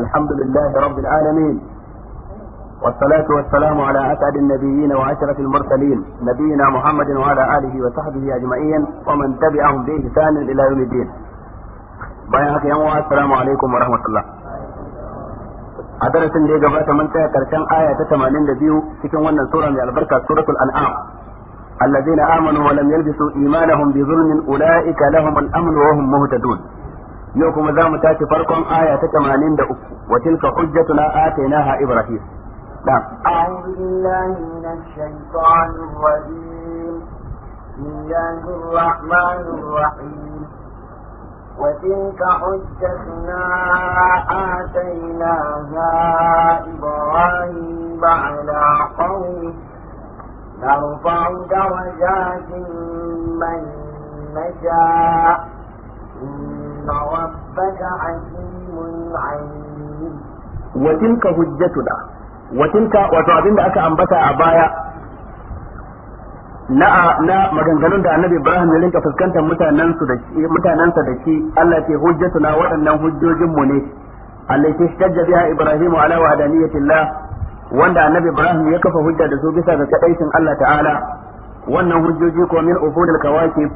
الحمد لله رب العالمين والصلاة والسلام على أسعد النبيين وأشرف المرسلين نبينا محمد وعلى آله وصحبه أجمعين ومن تبعهم بإحسان إلى يوم الدين بايعك يوم السلام عليكم ورحمة الله أدرس لي جبات من تكرشان آية تتمانين لديو سكن ونن سورة من البركة سورة الأنعام الذين آمنوا ولم يلبسوا إيمانهم بظلم أولئك لهم الأمن وهم مهتدون yau kuma za mu tashi farkon aya وتلك حجتنا آتيناها إبراهيم نعم أعوذ بالله من الشيطان الرجيم بسم الله الرحمن الرحيم وتلك حجتنا آتيناها إبراهيم على قومه نرفع درجات من نشاء وتلك حكيم عليم وتلك حجتنا وتلك aka ambata a baya na na maganganun da annabi Ibrahim ya rinka fuskantar mutanen su da shi mutanen sa da shi Allah hujjatu hujjatuna waɗannan hujjojin mu ne allati istajja biha Ibrahim ala wahdaniyatillah wanda annabi Ibrahim ya kafa hujja da su bisa ga kadaicin Allah ta'ala wannan hujjoji ko min ufudul kawakib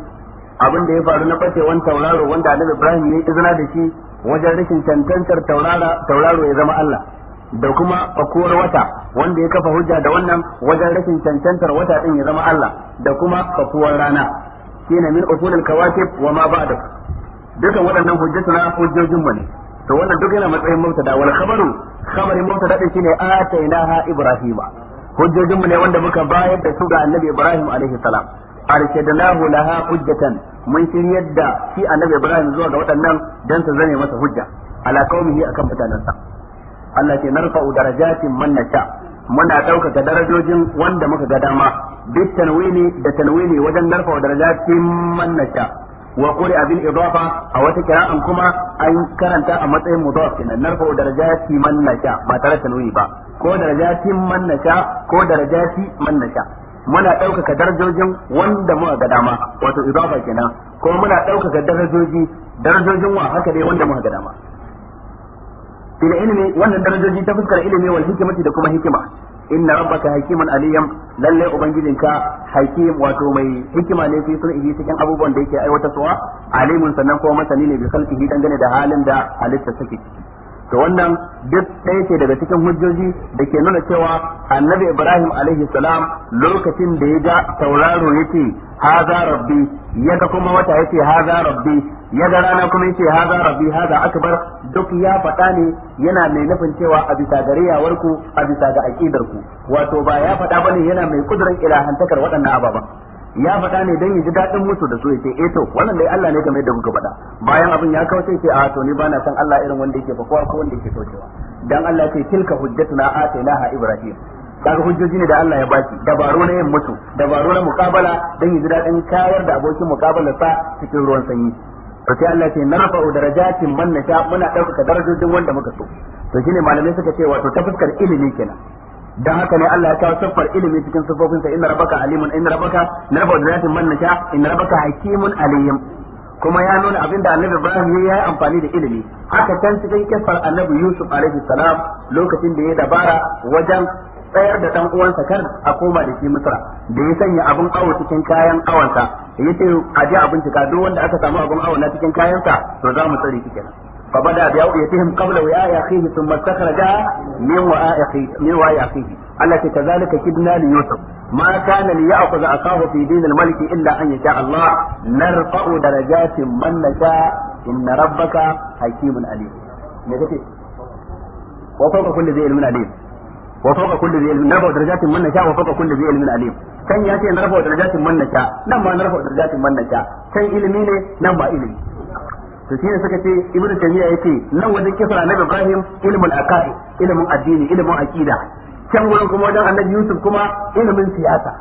abin da ya faru na wani tauraro wanda annabi Ibrahim ya izina da shi wajen rashin cancantar tauraro ya zama Allah da kuma fakuwar wata wanda ya kafa hujja da wannan wajen rashin cancantar wata din ya zama Allah da kuma fakuwar rana shine min usulul kawakib wa ma ba'da dukan waɗannan hujjatuna hujjojin mu ne to wannan duk yana matsayin mubtada wal khabaru khabarin mubtada din shine atainaha ibrahima hujjojin mu ne wanda muka bayar da su ga annabi ibrahim alaihi salam na laha hujjatan mun shiryar da shi annabi Ibrahim zuwa ga waɗannan dan su zame masa hujja ala qaumihi akan mutanansa Allah ke narfa'u darajatin man nasha muna ɗaukaka darajojin wanda muka ga dama bit tanwini da tanwini wajen narfa'u darajatin man nasha wa quri abil idafa a wata kira'an kuma an karanta a matsayin mudaf kenan narfa'u darajatin man nasha ba tare tanwini ba ko darajatin man nasha ko darajati man nasha muna ɗaukaka darajojin wanda muka ga dama wato idafa kenan kuma muna ɗaukaka darajoji darajojin wa haka dai wanda muka ga dama fil ilmi wannan darajoji ta fuskar ilimi wal hikimati da kuma hikima inna rabbaka hakiman aliyam lalle ubangijinka hakim wato mai hikima ne fi sunhi cikin abubuwan da yake aiwatarwa alimun sannan kuma masani ne bi khalqihi dangane da halin da halitta take ciki to wannan duk ɗaya ce daga cikin hujjoji da ke nuna cewa annabi ibrahim alaihi salam lokacin da ya ga tauraro ya ce haza rabbi ya kuma wata ya ce haza rabbi ya ga rana kuma ya ce haza rabbi haza akbar duk ya faɗa ne yana mai nufin cewa a bisa ga riyawarku a bisa ga aƙidarku wato ba ya faɗa bane yana mai kudurin ilahantakar waɗannan ababen ya faɗa ne dan ya ji daɗin mutu da su ya eh to wannan dai Allah ne kamar da kuka faɗa bayan abin ya kawo sai ce a ah, to ni ba na san Allah irin wanda yake fakuwa ko wanda yake saukewa. dan Allah ce tilka hujjatuna atainaha ibrahim kaga hujjoji ne da Allah ya baki dabaru na yin mutu dabaru na mukabala dan ya ji daɗin kayar da abokin mukabala sa cikin ruwan sanyi to sai Allah ce narfa'u darajatin man nasha muna ɗaukaka darajojin wanda muka so to shine malamai suka ce wato ta fuskar ilimi kenan dan haka ne Allah ya kawo siffar ilimi cikin siffofin sa inna rabbaka alimun inna rabbaka narfa zatin man nasha inna rabbaka hakimun alim kuma ya nuna abin da annabi Ibrahim ya yi amfani da ilimi haka can cikin kissar annabi Yusuf alaihi salam lokacin da ya dabara wajen tsayar da dan uwansa kar a koma da shi Misra da ya sanya abun awo cikin kayan awansa yace a je a bincika duk wanda aka samu abun awo na cikin kayansa to za mu tsare shi فبدا باوديتهم قبل وعاء اخيه ثم استخرجها من وعاء اخيه من وعاء اخيه التي كذلك كدنا ليوسف ما كان ليأخذ أخاه في دين الملك إلا أن يشاء الله نرفع درجات من نشاء إن ربك حكيم عليم وفوق كل ذي علم عليم وفوق كل ذي علم نرفع درجات من نشاء وفوق كل ذي علم عليم kan ya ce na rafa darajatin man nasha nan ma na rafa darajatin man nasha kan ilimi ne nan ba ilimi to ne suka ce ibnu ya yace nan wajen kisar annabi ibrahim ilmul aqaid ilmun addini ilmun aqida can gurin kuma wajen annabi yusuf kuma ilmin siyasa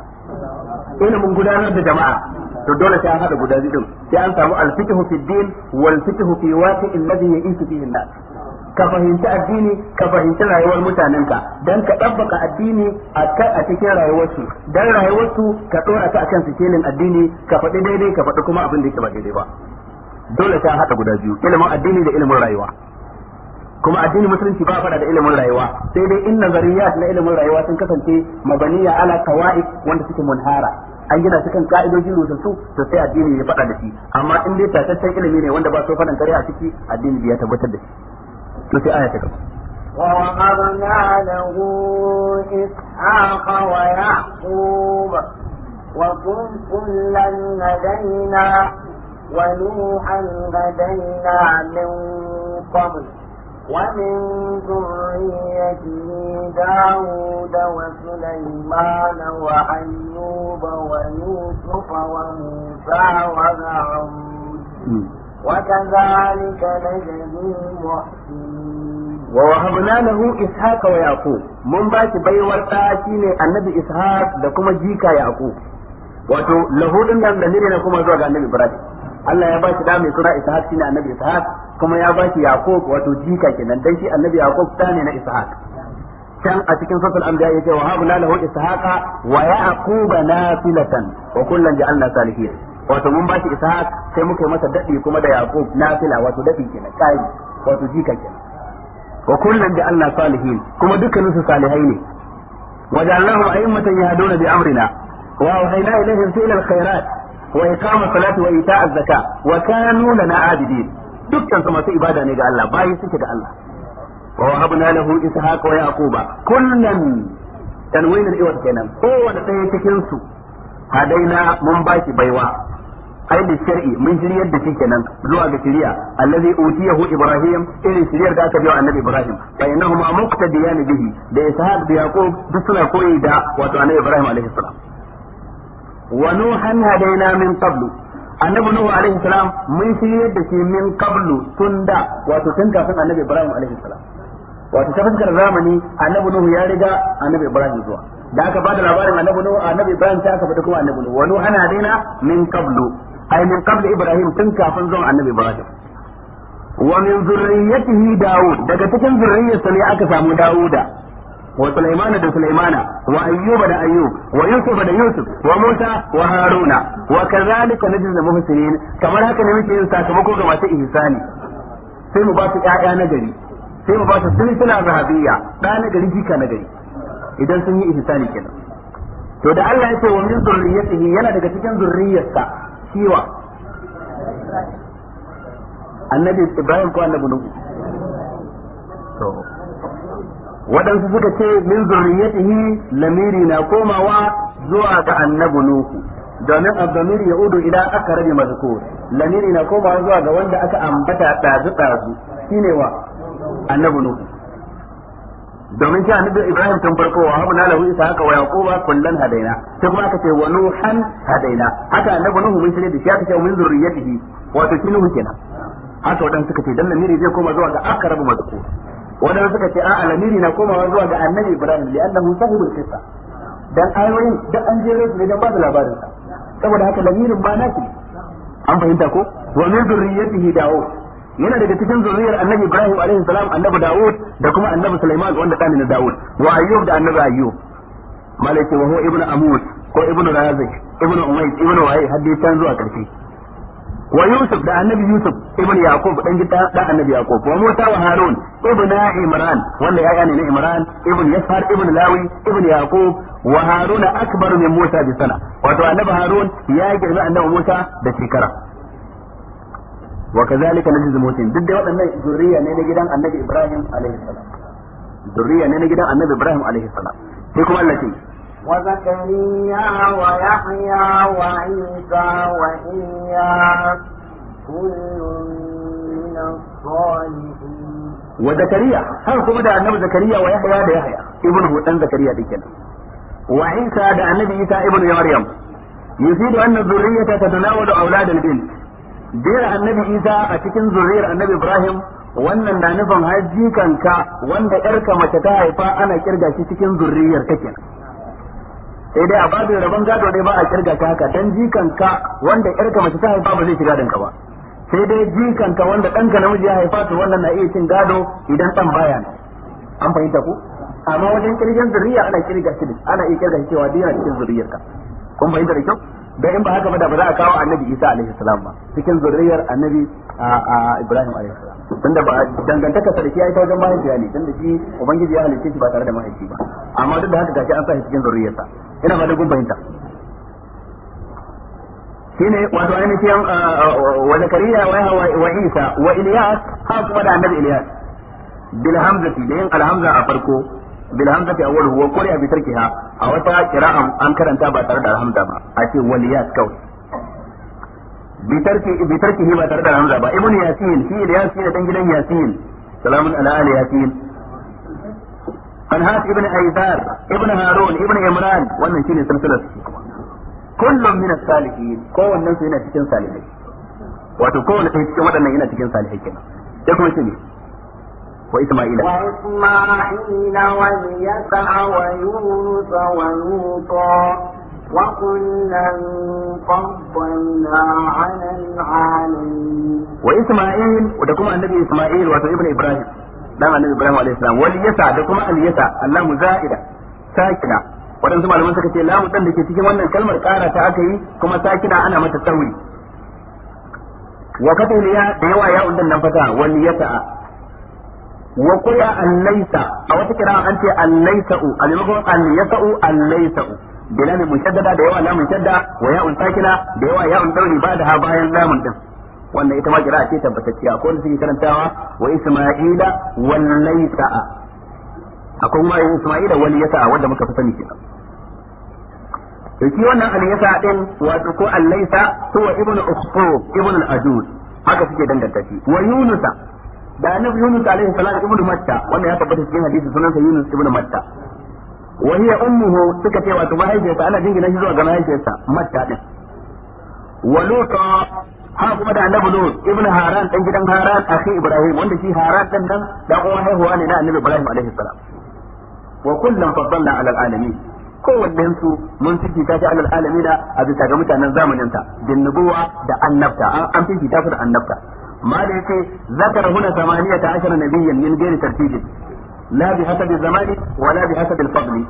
ilmin gudanar da jama'a to dole sai an hada guda biyu sai an samu al-fiqhu fi din wal fiqhu fi waqi'in alladhi ya'ishu fihi an-nas ka fahimci addini ka fahimci rayuwar mutanenka dan ka ɗabbaka addini a cikin rayuwarsu dan rayuwarsu ka ɗora ta akan sikelin addini ka faɗi daidai ka faɗi kuma abin da yake ba daidai ba dole sai an haɗa guda biyu ilimin addini da ilimin rayuwa kuma addinin musulunci ba fada da ilimin rayuwa sai dai in nazariyat na ilimin rayuwa sun kasance mabaniya ala kawaid wanda suke munhara an gina su kan ka'idoji rubutu to sai addini ya fada da shi amma in dai tataccen ilimi ne wanda ba so fadan kare a ciki addini ya tabbatar da shi to sai aya ta gaba ووهبنا له إسحاق ويعقوب كلا ونوحا هدينا من قبل ومن ذريته داود وسليمان وأيوب ويوسف وموسى وهارون وكذلك نجزي المحسنين ووهبنا له إسحاق ويعقوب من باش بيور شيني النبي إسحاق دكما جيكا يعقوب وتو lahudin nan da ne na kuma zuwa Allah ya bashi da mai suna Ishaq shine annabi Ishaq kuma ya bashi Yaqub wato jika kenan dan shi annabi Yaqub da ne na Ishaq can a cikin suratul anbiya yace wa habna lahu ishaqa wa yaquba nafilatan wa kullan ja'alna salihin wato mun bashi Ishaq sai muka yi masa daɗi kuma da Yaqub nafila wato dadi kenan kai wato jika kenan wa kullan ja'alna salihin kuma dukkanin salihai ne wa ja'alnahum a'immatan yahduna bi amrina wa awhayna khairat wa iqamu salati wa ita'az zakat wa kanu lana abidin dukkan su masu ibada ne ga Allah bayi suke ga Allah wa wahabna lahu ishaqa wa yaquba kullan tanwin al-iwad kenan kowanne ɗaya cikin su hadaina mun baki baiwa ai da shar'i mun shiryar da shi kenan zuwa ga shiriya allazi utiyahu ibrahim irin shiryar da aka biya annabi ibrahim fa innahu muqtadiyan bihi da ishaq da yaqub duk suna koyi da wato annabi ibrahim alaihi salam wa nuhan hadaina min qablu annabi nuhu alaihi salam mun fi yadda ke min qablu tunda wato tun kafin annabi ibrahim alaihi salam wato ta fuskar zamani annabi nuhu ya riga annabi ibrahim zuwa da aka bada labarin annabi nuhu annabi ibrahim ta aka fada kuma annabi nuhu wa nuhan hadaina min qablu ay min qablu ibrahim tun kafin zuwan annabi ibrahim wa min zurriyyatihi daud daga cikin zurriyyarsa ne aka samu dauda wa sulaimana da sulaimana wa ayyuba da ayyub wa yusuf da yusuf wa musa wa haruna wa kazalika najzi muhsinin kamar haka ne muke yin sakamako ga masu ihsani sai mu ba su ƴaƴa na gari sai mu ba su silsila zahabiyya da na gari jika na gari idan sun yi ihsani kenan to da Allah ya ce wa min zurriyyatihi yana daga cikin zurriyyarsa kiwa annabi Ibrahim ko annabi Nuhu to waɗansu suka ce min zurriyatihi lamiri na komawa zuwa ga annabi nuhu domin abdamir ya udu ila aka rabe mazkur lamiri na komawa zuwa ga wanda aka ambata ɗazu ɗazu shine wa annabi nuhu domin shi annabi ibrahim tun farko wa habna lahu isa haka wa yaquba kullan hadaina sai kuma aka ce wa nuhan hadaina haka annabi nuhu mun shirye da shi aka ce min zurriyatihi wato shi nuhu kenan haka wadan suka ce dan lamiri zai koma zuwa ga aka rabe mazkur wadanda suka ce a'a lamiri na komawa zuwa ga annabi ibrahim li annahu sahibul qissa dan ayoyin da an jere su ne dan ba da labarin sa saboda haka lamirin ba naki an fahimta ko wa min zurriyyatihi daud yana daga cikin zuriyar annabi ibrahim alaihi salam annabi daud da kuma annabi sulaiman wanda dani na daud wa ayyub da annabi ayyub malaka wa huwa ibnu amud ko ibnu razik ibnu umayyad ibnu wa'i hadisan zuwa karfi wa yusuf da annabi yusuf ibn yaqub dan gida annabi yaqub wa musa wa harun ibn imran wanda yaya ne na imran ibn yasar ibn lawi ibn yaqub wa harun akbar min musa bi sana wato harun ya girma annabi musa da kikara. wa kazalika najzi musin duk da waɗannan zuriya ne na gidan annabi ibrahim alaihi ne na gidan annabi ibrahim sai kuma وزكريا ويحيى وعيسى وإياس كل من الصالحين وزكريا هل كما دا النبي زكريا ويحيى دا يحيى ابنه دان زكريا دي وعيسى دا النبي عيسى ابن مريم يزيد أن الذرية تتناول أولاد البنت دير النبي عيسى أتكن ذرية النبي إبراهيم wannan na nufin hajjikanka wanda 'yarka mace ta haifa ana kirga shi cikin zurriyar ta kenan sai eh dai a babin rabon gado dai ba a kirga ka haka dan jikanka wanda yarka mace ta haifa ba zai shiga danka ba sai dai jikanka wanda ɗanka namiji ya haifa to wannan na iya cin gado idan ɗan baya ne an fahimta ku amma wajen kirgin zuriya ana kirga shi ana iya kirga cewa dina cikin zurriyarka. kun fahimta da kyau da in ba haka ba da ba za a kawo annabi isa alaihi salam ba cikin zuriyar annabi ibrahim alaihi salam tunda ba dangantaka sa da shi ya ita wajen mahaifiya ne tunda shi ubangiji ya halitta shi ba tare da mahaifi ba amma duk da haka gashi an sa shi cikin zuriyarsa ina ba da gun fahimta shine wato ainihin ah, ah, wa zakariya wa yahwa wa isa wa ilyas ha kuma da annabi ilyas bil hamzati da yin alhamza a farko bil hamzati awwal huwa qari'a bi tarkiha a wata qira'a an karanta ba tare da alhamza ba a ce waliyas kawai bi tarkihi ba tare da hamza ba ibnu yasin shi da yasin dan gidan yasin salamun ala ali yasin anhat ibn aizar ibn harun ibn imran wannan shine silsilar kullum min as-salihin kowannen su yana cikin salihai wato kowanne sai cikin waɗannan yana cikin salihai kenan sai kuma shine وإسماعيل وإسماعيل واليسع ويونس ولوطا وكلا فضلنا على العالمين وإسماعيل ودكما النبي إسماعيل وابن إبراهيم dan annabi Ibrahim alaihi salam wal yasa da kuma al yasa Allah muzaida sakina wadansu malaman suka ce lamu dan da ke cikin wannan kalmar ƙara ta aka yi kuma sakina ana mata tawili wa katul da yawa ya undan nan fata wani ya yasa wa qila al laysa a wata kira an ce al laysa a maimakon al yasa al laysa mun mushaddada da yawa lamun shadda wa ya'un sakina da yawa ya'un dauni ba da ha bayan lamun din wannan ita ma kira ce tabbatacciya ko wanda suke karantawa wa isma'ila wal laysa'a akwai ma isma'ila wal yasa'a wanda muka fi sani shi. to shi wannan al yasa'a din wato ko al laysa huwa ibnu ukhtub ibnu al ajuz haka suke danganta shi wa yunusa da annabi yunus alaihi salam ibnu matta wannan ya tabbata cikin hadisi sunansa yunus ibnu matta wa hiya ummuhu suka ce wato mahaifiyarsa ana jingina shi zuwa ga mahaifiyarsa matta din wa lutu ha kuma da annabi lut ibnu haran dan gidan haran akhi ibrahim wanda shi haran dan nan dan uwan haihuwa ne na annabi ibrahim alaihi salam wa kullum faddalna ala alamin kowannen su mun fifita shi alal alamina a bisa ga mutanen zamanin ta bin nubuwa da annabta an fifita su da annabta ma da yake zakara huna samaniyata ashara nabiyyan min gairi tartibin la bi hasabi zamani wa la bi hasabi fadli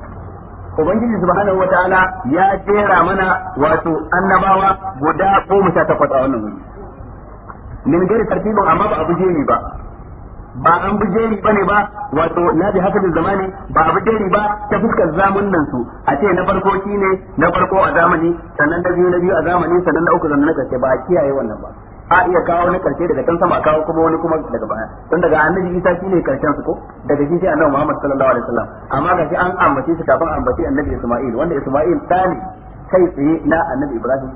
ubangiji subhanahu wataala ya jera mana wato annabawa guda goma sha takwas a wannan wuri min gari tartibin amma ba a abu jeri ba ba an bi jeri bane ba wato na bi hasabi zamani ba a abu jeri ba ta fuskar nan su a ce na farko shine na farko a zamani sannan na biyu na biyu a zamani sannan na uku sannan na karshe ba a kiyaye wannan ba a iya kawo wani karshe daga can sama kawo kuma wani kuma daga baya don daga annabi isa shi ne karshen su ko daga shi sai annabi muhammad sallallahu alaihi wasallam amma ga shi an ambace shi kafin ambace annabi isma'il wanda isma'il tsani kai tsaye na annabi ibrahim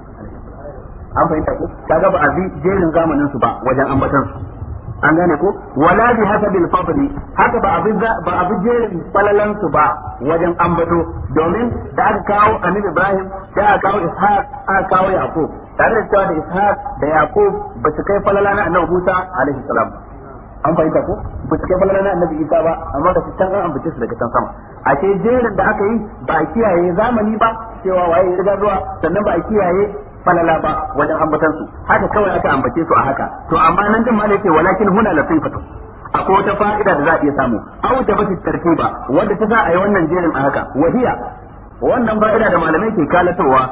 an fahimta ko kaga ba a bi jerin zamanin su ba wajen ambatan su an gane ko wala bi hasabil fadli haka ba abu ba abu jerin falalan su ba wajen ambato domin da aka kawo annabi Ibrahim da aka kawo Ishaq aka kawo Yaqub tare da cewa da Ishaq da Yaqub ba su kai falala na annabi Musa alaihi salam an fahimta ko ba su kai falala na annabi Isa ba amma da can an ambace su daga can sama a ce jerin da aka yi ba a kiyaye zamani ba cewa waye ya riga zuwa sannan ba a kiyaye falala ba wajen ambatan su haka kawai aka ambace su a haka to amma nan din malai walakin huna latifatu akwai wata fa'ida da za a iya samu au da bashi tartiba wanda ta za a yi wannan jerin a haka wahiya wannan fa'ida da malamai ke kalatowa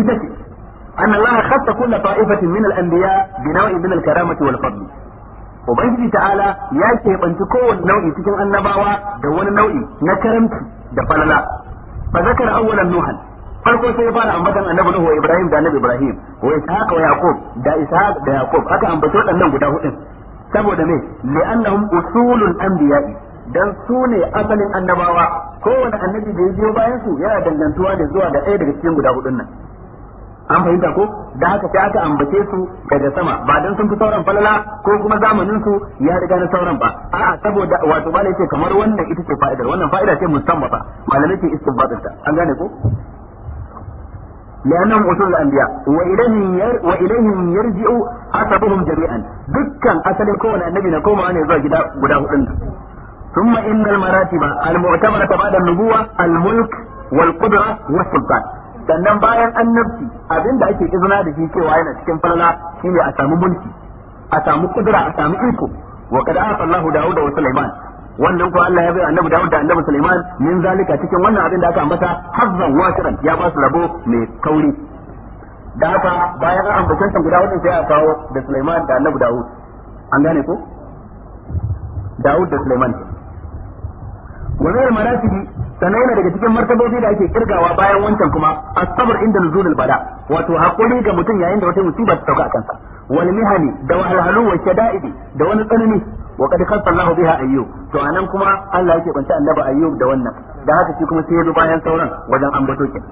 ita ce an Allah khassa kullu ta'ifatin min al-anbiya min al-karamati wal fadl ubangiji ta'ala ya keɓanci kowanne nau'i cikin annabawa da wani nau'i na karamci da falala fa zakara awwalan nuhan farko sai ya fara ambatan annabi Nuhu Ibrahim da annabi Ibrahim wa Ishaq wa Yaqub da Ishaq da Yaqub aka ambato nan guda hudun saboda me li'annahum usulul anbiya'i dan su ne asalin annabawa kowane annabi da ya biyo bayan su yana dangantuwa da zuwa da ɗaya daga cikin guda hudun nan an fahimta ko da haka sai aka ambace su daga sama ba dan sun fi sauran falala ko kuma zamanin su ya riga na sauran ba a saboda wato malai ce kamar wannan ita ce fa'idar wannan fa'ida ce musamman ba malamai ke istinbatin ta an gane ko لأنهم أصول الأنبياء وإليهم, ير... وإليهم يرجع أسبهم جميعا دكا أسل كون النبي نقوم عن إذا جدا قداه ثم إن المراتب المعتبرة بعد النبوة الملك والقدرة والسلطان sannan bayan annabci abin da ake izina da shi cewa yana cikin falala shine a samu mulki a samu kudura a samu iko wa qad Allahu Dawuda wa Sulaiman wannan ko Allah ya bai annabi Dawud da annabi Sulaiman min zalika cikin wannan abin da aka ambata hazzan washiran ya ba su rabo mai kauri da haka bayan an ambata san guda wadin sai a kawo da Sulaiman da annabi Dawud an gane ko Dawud da Sulaiman wa zai maratibi daga cikin martabobi da ake kirgawa bayan wancan kuma asabar inda nuzulul bala wato hakuri ga mutum yayin da wata musiba ta sauka a kansa wal mihani da wahalhalu wa shada'idi da wani tsanani wa kad khassa Allahu biha ayyub to anan kuma Allah yake banta annabi ayyub da wannan da haka shi kuma sai ya bayan sauran wajen ambato kin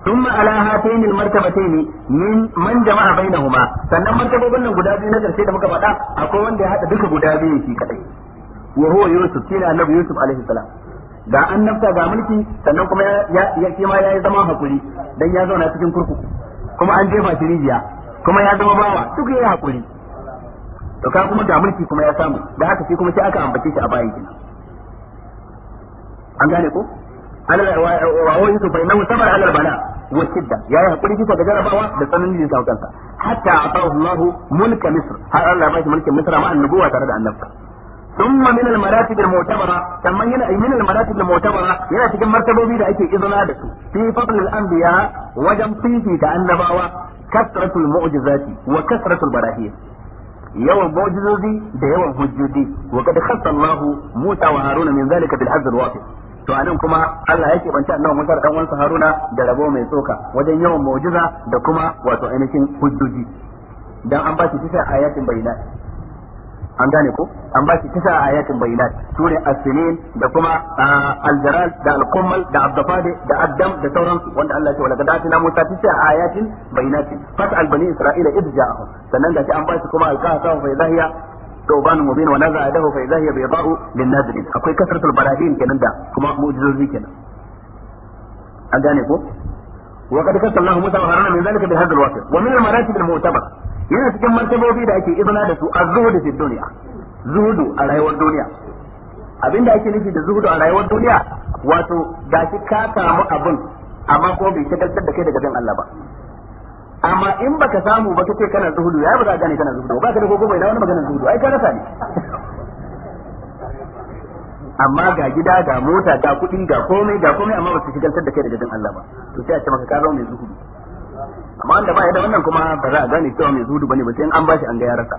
ثم على هاتين المرتبتين من من جمع بينهما sannan martabobin nan guda biyu na karshe da muka faɗa akwai wanda ya hada duka guda biyu shi kadai wa huwa yusuf kina annabi yusuf alaihi salam ga annabta ga mulki sannan kuma ya ya ma yayi zama hakuri dan ya zauna cikin kurkuku kuma an jefa shi rijiya kuma ya zama bawa duk yayi hakuri to ka kuma da mulki kuma ya samu da haka sai kuma sai aka ambace shi a bayan gina an gane ko alal wa wa yusu bai nan sabar alal bala wa shidda yi hakuri bisa ga jarabawa da tsananin da kansa hatta atahu Allahu mulka misr har Allah ya bashi mulkin misr amma annabuwa tare da annabta ثم من المراتب المعتبرة كما من المراتب المعتبرة ينا تكن مرتبة da ake izina da su fi fadl al-anbiya wajen fifi da annabawa yawan mu'jizozi da yawan hujjoji wa kad khassa Allahu Musa wa Haruna min zalika bil hazzil wafi to anan kuma Allah ya keɓance annabi Musa da ɗan Haruna da rabo mai tsoka wajen yawan mu'jiza da kuma wato ainihin hujjoji dan an ba shi tisa ayatin bayyana an gane ko an ba shi tisa ayatin bayyinat sune as-sinin da kuma al-jaral da al-qummal da abdafade da addam da sauransu wanda Allah ya ce wala qad atina musa tisa ayatin bayyinat fas al-bani isra'ila idja'ahum sannan da an ba shi kuma al-kahfa fa ilahiya ثوبان مبين ونزع يده فإذا هي بيضاء للناظرين أكوي كثرة البراهين كنا دا كما معجزة كنا أجاني وقد كسر الله موسى وهارون من ذلك بهذا الوصف ومن المراتب المعتبر yana cikin martabobi da ake izina da su az-zuhd fi dunya zuhudu a rayuwar duniya abinda ake nufi da zuhudu a rayuwar duniya wato shi ka samu abin amma ko bai shagaltar da kai daga bin Allah ba amma in baka samu ba kace kana zuhudu ya ba za ka gane kana zuhudu ba ka da gogo mai da wani magana zuhudu ai ka rasa ne amma ga gida ga mota ga kuɗi ga komai ga komai amma ba su shigaltar da kai daga bin Allah ba to sai a ce maka ka zama mai zuhudu amma wanda ba ya da wannan kuma ba za a gane cewa mai zudu bane ba sai an bashi an ga yarasa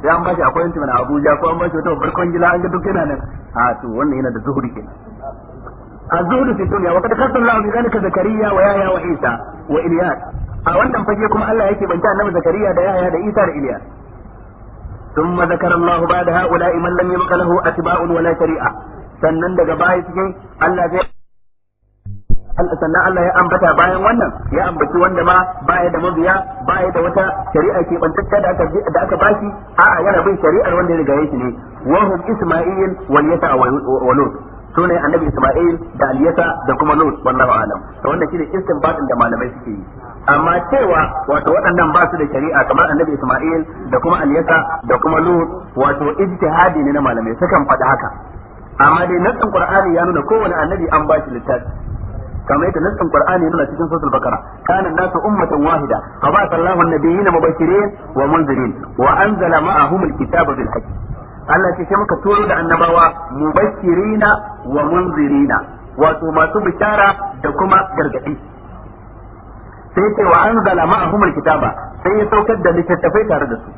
sai an bashi akwai yanci mana Abuja ko an bashi wata babbar kwangila an ga duk yana nan a to wannan yana da zuhuri kenan الزهد في الدنيا وقد خص الله بذلك زكريا ويحيى وعيسى والياس a wannan fage kuma Allah yake banta annabi zakariya da yahaya da isa da iliyas thumma zakara Allah ba'da ha'ula'i man lam yabqa lahu atba'un wala shari'a sannan daga baya Allah sannan Allah ya ambata bayan wannan ya ambaci wanda ma baya da mabiya baya da wata shari'a ke bantacce da aka da aka bashi a'a yana bin shari'ar wanda ya riga yake ne wa hum isma'il wal yata wa lut sune annabi isma'il da aliyasa da kuma lut wallahu alam to wannan shine istinbatin da malamai suke yi amma cewa wato waɗannan ba su da shari'a kamar annabi isma'il da kuma aliyasa da kuma lut wato ijtihadi ne na malamai sukan faɗi haka amma dai nassin qur'ani ya nuna kowane annabi an ba shi littafi kamar yadda nassin qur'ani yana cikin suratul bakara kana nasu ummatan wahida fa ba sallahu na mubashirin wa munzirin wa anzala ma'ahum alkitaba bil Allah ce sai muka turo da annabawa mubashirina wa munzirina wato masu bishara da kuma gargadi sai ce wa anzala ma'ahum alkitaba sai ya saukar da littattafai tare da su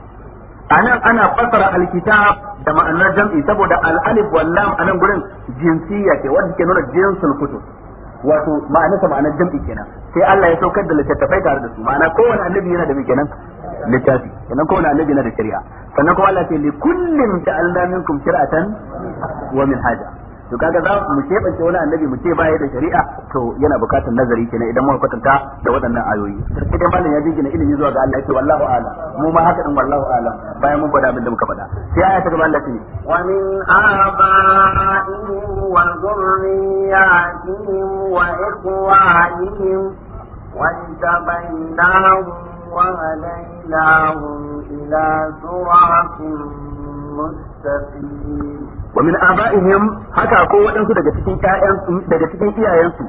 anan ana fasara alkitab da ma'anar jam'i saboda al-alif wal lam anan gurin jinsiya ce wanda ke nuna jinsul kutub wato ma'anarsa ma'anar jam'i kenan sai Allah ya saukar da littattafai tare da su ma'ana kowane annabi yana da kenan littafi kenan kowane annabi yana da shari'a sannan kuma Allah ya ce li kullin ta'alna minkum shir'atan wa min haja. to kaga za mu shebance wani annabi mu ce baya da shari'a to yana bukatar nazari kenan idan muka kwatanta da waɗannan ayoyi sai dai mallan ya jingina ilimi zuwa ga Allah yake wallahu a'ala mu ma haka din wallahu a'ala bayan mun bada abin da muka faɗa sai aya ta gaba Allah ce wa min aba'ihim wa dhurriyyatihim wa ikhwanihim wa wa وهديناهم ila صراط مستقيم ومن آبائهم هكا أكو ودن سو daga cikin ƴaƴan daga cikin iyayensu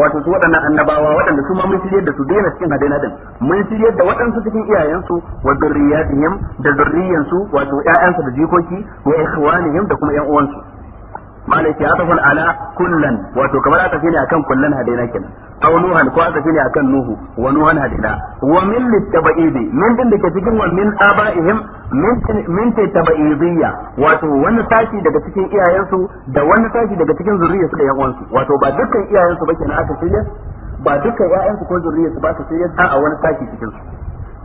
wato su waɗannan annabawa waɗanda su ma mun shirye da su daina cikin hadin din mun shirye da waɗansu cikin iyayensu wa zurriyatihim da zurriyansu wato ƴaƴansu da jikoki wa ikhwanihim da kuma ƴan uwansu malai ke atafun ala kullan wato kamar aka ne akan kullan hadaina kenan aw nuhan ko aka ne akan nuhu wa nuhan hadaina wa min litaba'idi min din dake cikin wa min aba'ihim min min taba'idiyya wato wani sashi daga cikin iyayensu da wani sashi daga cikin zuriyarsu da yan uwansu wato ba dukkan iyayensu ba na aka shirya ba dukkan ƴaƴansu ko zuriyarsu ba aka shirya a wani sashi cikin su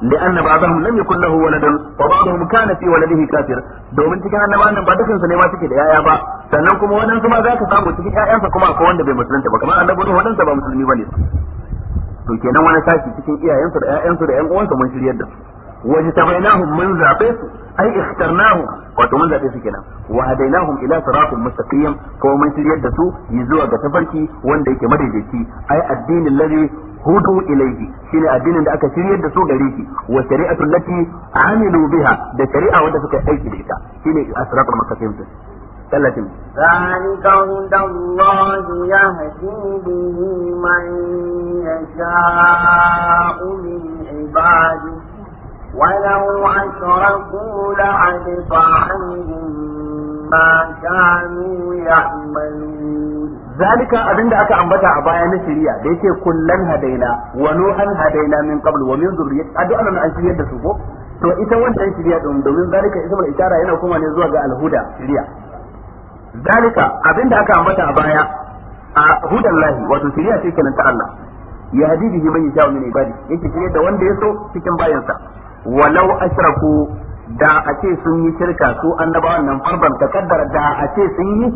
لأن بعضهم لم يكن له ولد وبعضهم كان في ولده كافر domin cikin annabawan nan ba dukkan su ne da yaya ba sannan kuma wadansu ma zaka samu cikin yayansa kuma akwai wanda bai musulunta ba kamar annabi Nuhu wadansa ba musulmi bane to kenan wani sashi cikin iyayensu da yayansu da yan uwansa mun shirya da wajtabainahum mun zabe su ai ikhtarnahum wato mun zabe su kenan wa hadainahum ila siratin mustaqim ko mun shiryar da su zuwa ga tafarki wanda yake madaidaici ai addinin ladhi hudu ilayhi shine addinin da aka shiryar da su gare shi wa shari'atul lati amilu biha da shari'a wanda suka aiki da ita shine as-siratul mustaqim ثلاثين ذلك هدى الله يهدي به من يشاء من عباده ولو أشركوا لحبط عنهم ما كانوا يعملون ذلك أبن أكا أنبتع أبايا نشريا ديكي كلا هدينا ونوحا هدينا من قبل ومن anan an shari'a da su ko to ita wannan shirya din domin zalika mai ishara yana kuma ne zuwa ga alhuda shirya zalika abinda aka ambata a baya a hudan lahi wato shirya ce kenan ta Allah ya hadi bihi man yasha min ibadi yake shirya da wanda ya so cikin bayansa walau ashraku da a ce sun yi shirka su annabawan nan farban takaddar da a ce sun yi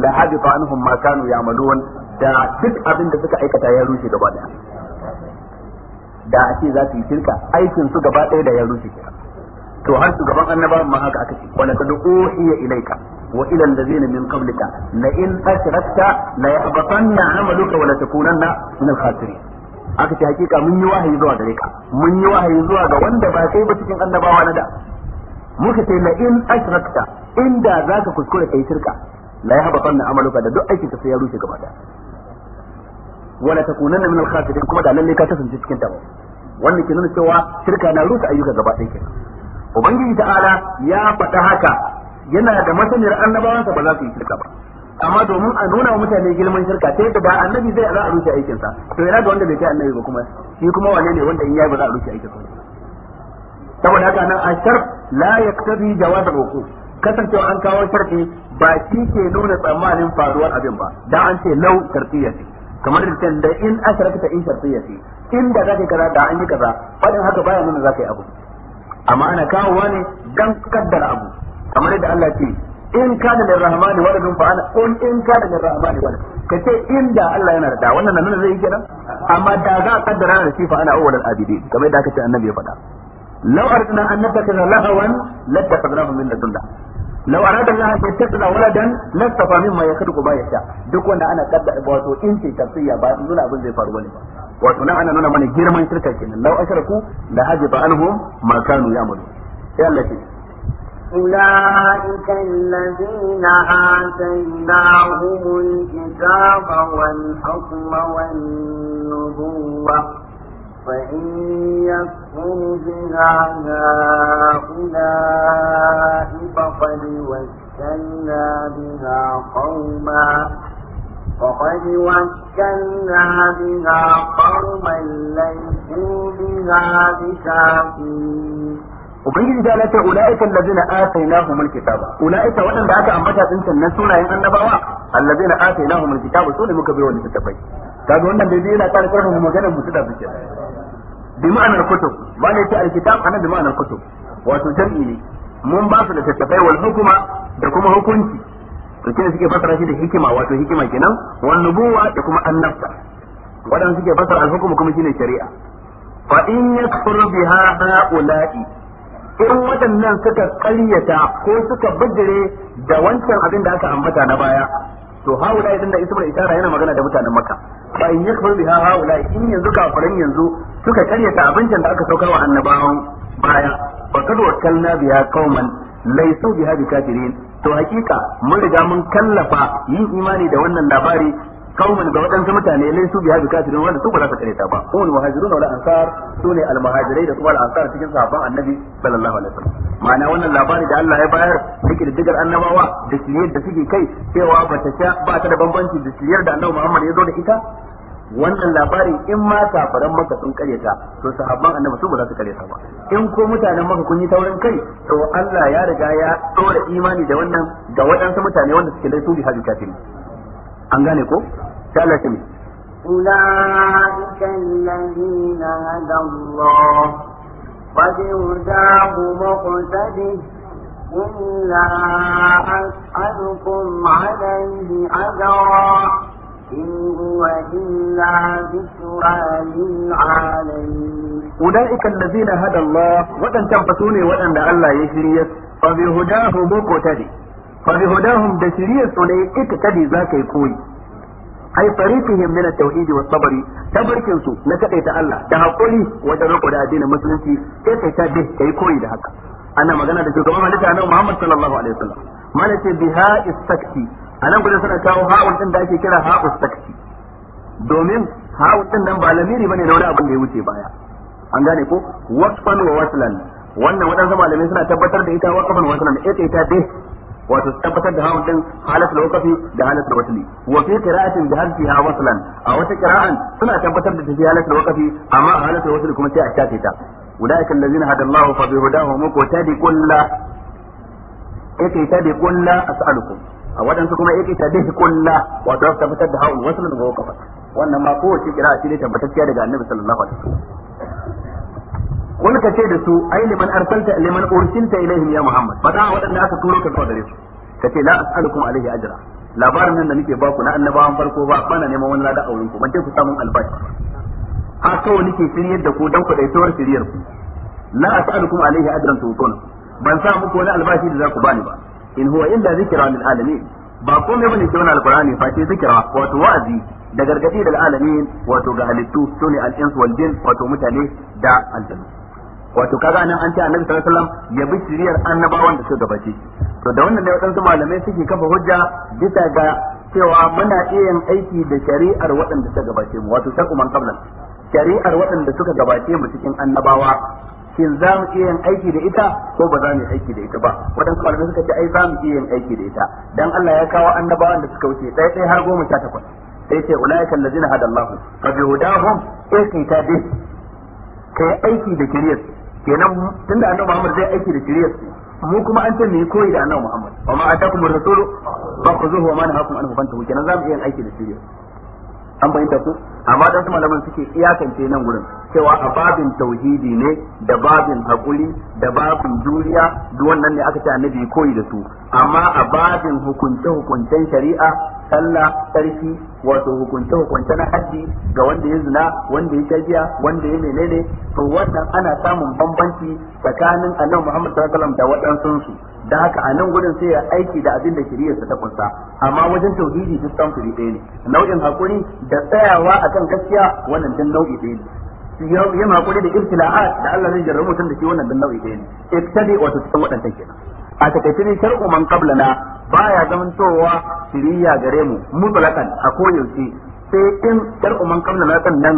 la habita anhum ma kanu da duk abin da suka aikata ya rushe gaba daya da a ce za su yi shirka aikin su gaba daya da ya rushe to har su gaban annabawan ma haka aka ce wala kad uhiya ilayka wa ila allazina min qablika la in ashrakta la yahbatanna amaluka wa la takunanna min al-khasirin aka ce hakika mun yi wahayi zuwa gare ka mun yi wahayi zuwa ga wanda ba sai ba cikin annabawa na da muka ce la in ashrakta inda zaka kuskure kai shirka la ya habatan na amaluka da duk aikin ka sai ya rushe gaba daya wala takunanna min al-khasirin kuma da lalle ka kasance cikin ta wannan ke nuna cewa shirka na rusa ayyuka gaba ɗaya kenan ubangiji ta'ala ya faɗa haka yana da masaniyar annabawansa ba za su yi shirka ba amma domin a nuna wa mutane girman shirka ta yadda ba annabi zai za a rushe aikin sa to yana ga wanda bai kai annabi ba kuma shi kuma wane ne wanda in yayi ba za a rushe aikin sa saboda haka nan ashar la yaktabi jawaz al-wuquf kasancewa an kawo sharfi ba shi ke nuna tsammanin faruwar abin ba da an ce lau sharfiya kamar da can da in asharaka in sharfiya ce in da zaka kaza da an yi kaza fadin haka baya nuna zaka yi abu amma ana kawo ne dan kaddara abu kamar yadda Allah ce in kana min rahman waladun fa ana kun in kana min rahman walad kace inda Allah yana da wannan nan zai yi kenan amma da za a kaddara da shi fa ana awwalul abidin kamar yadda aka ce annabi ya faɗa law aradna an nattakhidha lahawan lattakhadnahu min ladunna law arada Allah an yattakhidha waladan lastafa mimma yakhluqu ma yasha duk wanda ana kaddara wato in ce tafsiya ba nuna abin zai faru bane wato nan ana nuna mana girman shirka kenan law ashraku la ba anhum ma kanu ya'malu sai Allah أولئك الذين آتيناهم الكتاب والحكم والنبوة فإن يكفر بها هؤلاء فقد وكلنا بها قوما وقد وكلنا بها قوما ليسوا بها بكافرين ubangiji da lata ulaika allazina atainahumul kitaba ulaika wadanda aka ambata din sannan sunayen annabawa allazina atainahumul kitaba sune muka bai wani littafai kaga wannan bai yana ƙara karfafa maganar mutu da suke bi ma'anar kutub ba ne ta alkitab anan bi ma'anar kutub wato jam'i ne mun ba su da tattafai wal hukuma da kuma hukunci to kina suke fasara shi da hikima wato hikima kenan wan nubuwa da kuma annabta wadanda suke fasara al-hukuma kuma shine shari'a fa in yakfuru biha ha'ula'i in waɗannan suka ƙaryata ko suka bijire da wancan abin da aka ambata na baya to haula idan da ismar isara yana magana da mutanen makka fa in yakfur biha haula in yanzu kafiran yanzu suka ƙaryata abincin da aka sauka wa annabawan baya fa kad wakkalna biha qauman laysu biha bikafirin to hakika mun riga mun kallafa yin imani da wannan labari kauman ga waɗansu mutane lai su biya bukatu don wanda su ba za su kareta ba kuma muhajirun wal ansar su ne almuhajirai da kuma al-ansar cikin sahabban annabi sallallahu alaihi wasallam ma'ana wannan labari da Allah ya bayar take da digar annabawa da shirye da suke kai cewa ba ta ba ta da bambanci da shirye da annabi Muhammad ya zo da ita wannan labarin in ma kafaran maka sun kare ta to sahabban annabi su ba za su karyata ba in ko mutanen maka kun yi taurin kai to Allah ya riga ya dora imani da wannan ga waɗansu mutane wanda suke da su bi hadu kafiri An gane ko? Ta yaya kame? Kuda ikan da zina hadallar, waje wajen dafa suna waɗanda Allah ya shirya su. Waje wajen dafa suna waɗanda fa bi hudahum da shiriyar su ne ita kadi za ka yi koyi ai tariqihim min at-tauhid wa sabri tabarkin su na kadaita Allah da hakuri wajen riko da addinin musulunci sai kai ta bi kai koyi da haka ana magana da shugaban halitta annabi Muhammad sallallahu alaihi wasallam mana ce biha istakti anan gudu suna kawo ha'un da ake kira ha'u domin ba lamiri bane na wani wuce baya an gane ko wasfan wa waslan wannan wadansu malamai suna tabbatar da ita wasfan waslan ita ita dai wato tabbatar da hawan din halat lokafi da halat wasli wa fi qira'atin bi hadfiha waslan a wata qira'an suna tabbatar da tafi halat wakafi amma halat wasli kuma sai a shafe ta ulaika allazina hada Allah fa bi hudahu muqtadi kullu yake tabi kullu as'alukum a wadansu kuma yake tabi kullu wato tabbatar da hawan waslan da wakafa, wannan ma kowace qira'a ce tabbatacciya daga annabi sallallahu alaihi wasallam kul ka ce da su ai liman arsalta liman ursilta ilaihim ya muhammad fada waɗanda aka turo ka zuwa gare su ka ce la as'alukum alaihi ajra labarin nan da nake ba ku na annabawan farko ba bana neman wani lada a wurin ku ban ce ku samun albashi a kawai nake shiryar da ku dan ku daitawar shiryar ku la as'alukum alaihi ajran tutuna ban sa muku wani albashi da za ku bani ba in huwa illa zikra lil alamin ba komai bane ke wani alqur'ani fa ce zikra wato wa'azi da gargadi da alamin wato ga halittu sune al-ins wal jin wato mutane da aljanna wato kaga nan an ce annabi sallallahu alaihi wasallam ya bi shiriyar annabawan da suka gabace to da wannan ne wadansu malamai suke kafa hujja bisa ga cewa muna iya yin aiki da shari'ar waɗanda suka gabace mu wato shaku man kamlan shari'ar waɗanda suka gabace mu cikin annabawa shin za mu iya yin aiki da ita ko ba za mu yi aiki da ita ba waɗansu malamai suka ce ai za mu iya yin aiki da ita dan Allah ya kawo annabawan da suka wuce ɗaya ɗaya har goma sha takwas sai ce ulaika allazina hadallahu fa bihudahum ihtada kai aiki da kiriyar kenan tunda annabi Muhammad zai aiki da shiriyar su mu kuma an ce yi koyi da annabi Muhammad wa ma atakum ar fa khuzuhu wa ma nahakum anhu fantahu kenan zamu iya aiki da shiriyar an bayyana ku amma dan su malaman suke iyakance nan gurin cewa a babin tauhidi ne da babin hakuri da babin juriya duk wannan ne aka ce annabi koyi da su amma a babin hukunce hukuncen shari'a sallah sarki wato hukunce hukunce na haji ga wanda ya zina wanda ya tafiya wanda ya menene to wannan ana samun bambanci tsakanin annabi Muhammad sallallahu alaihi wasallam da waɗansun da haka a nan gudun sai ya aiki da abin da shiriyarsa ta kunsa amma wajen tauhidi duk samfuri ɗaya ne nau'in hakuri da tsayawa akan gaskiya wannan dan nau'i ɗaya ne yin hakuri da ibtila'at da Allah zai jarrabu mutum da shi wannan dan nau'i ɗaya ne iktadi wato cikin waɗannan kenan a takaice ne shar'u man qablana baya zamantowa shiriya gare mu mutlaqan a koyaushe sai in shar'u man qablana kan nan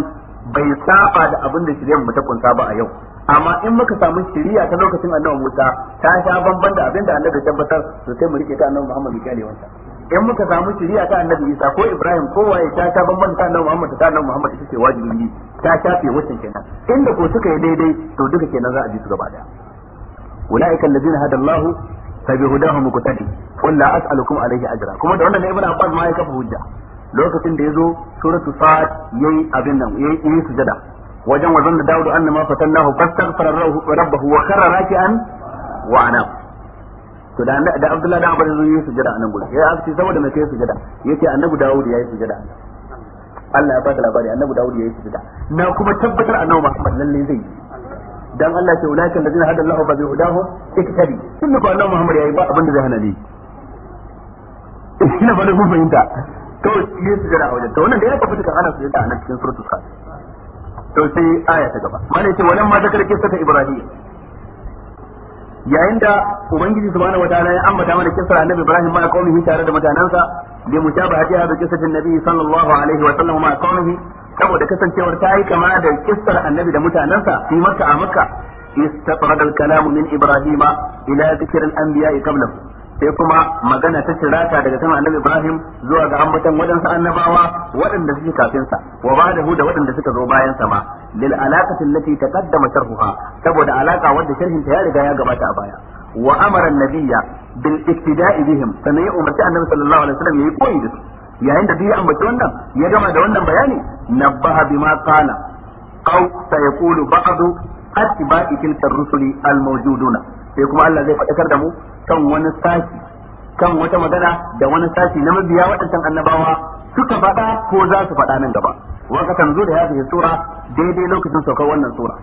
bai saba da abin da shiriyar mu ta kunsa ba a yau amma in muka samu shiriya ta lokacin annabi Musa ta sha bamban da abin da annabi tabbatar to sai mu rike ta annabi Muhammad sallallahu alaihi in muka samu shiriya ta annabi Isa ko Ibrahim ko waye ta sha bamban da annabi Muhammad ta annabi Muhammad ita ce wajibi ta shafe wucin kenan inda ko suka yi daidai to duka kenan za a ji su gaba daya ulaika alladhina hada Allahu fa bihudahu muqtadi qul la as'alukum alayhi ajra kuma da ya kafa hujja lokacin da yazo suratu sa'ad yayi abin nan yayi yi sujada wajen wazan da Dawud annama fatannahu fastaghfara to da da Abdullah da Abu Zuri yayi sujada anan gurin yayi aski saboda mai kai sujada yace Annabi Dawud yayi sujada Allah ya bada labari Annabi Dawud yayi sujada na kuma tabbatar Annabi Muhammad lalle zai yi dan Allah ce da allazina hada Allahu fa bihudahu iktadi tunda ko annabi Muhammad yayi ba abin da zai hana ni ina fa da mun fahimta Kawai, yi su jira a wajen to wannan da ya tabbata kan ana su yadda anan cikin suratul kaf to sai aya ta gaba mana yace walan ma zakar kissa ta Ibrahim yayin da ubangiji subhanahu wataala ya ambata mana kissar annabi Ibrahim ma qaumihi tare da mutanansa bi mutabahatiha bi qissati annabi sallallahu alaihi wa sallam ma qaumihi saboda kasancewar ta yi kama da kissar annabi da mutanensa fi maka a maka istaqrada al-kalamu min ibrahima ila dhikr al-anbiya'i qablahu sai kuma magana ta cirata daga sama annabi ibrahim zuwa ga ambatan wadansu annabawa waɗanda suke kafinsa wa ba da huda waɗanda suka zo bayan sama ma lil alaqati allati taqaddama sharhuha saboda alaka wanda sharhin ta ya riga ya gabata a baya wa amara an-nabiyya bil iktida'i bihim sannan ya umarci annabi sallallahu alaihi wasallam yayi koyi da su yayin da biyu ambaci wannan ya gama da wannan bayani nabbaha bima qala aw sayaqulu ba'du atba'i tilka rusuli almawjuduna sai kuma Allah zai faɗakar da mu kan wani sashi kan wata magana da wani sashi na mabiya waɗancan annabawa suka faɗa ko za su faɗa nan gaba wa ka tanzu da hadhihi sura daidai lokacin saukar wannan sura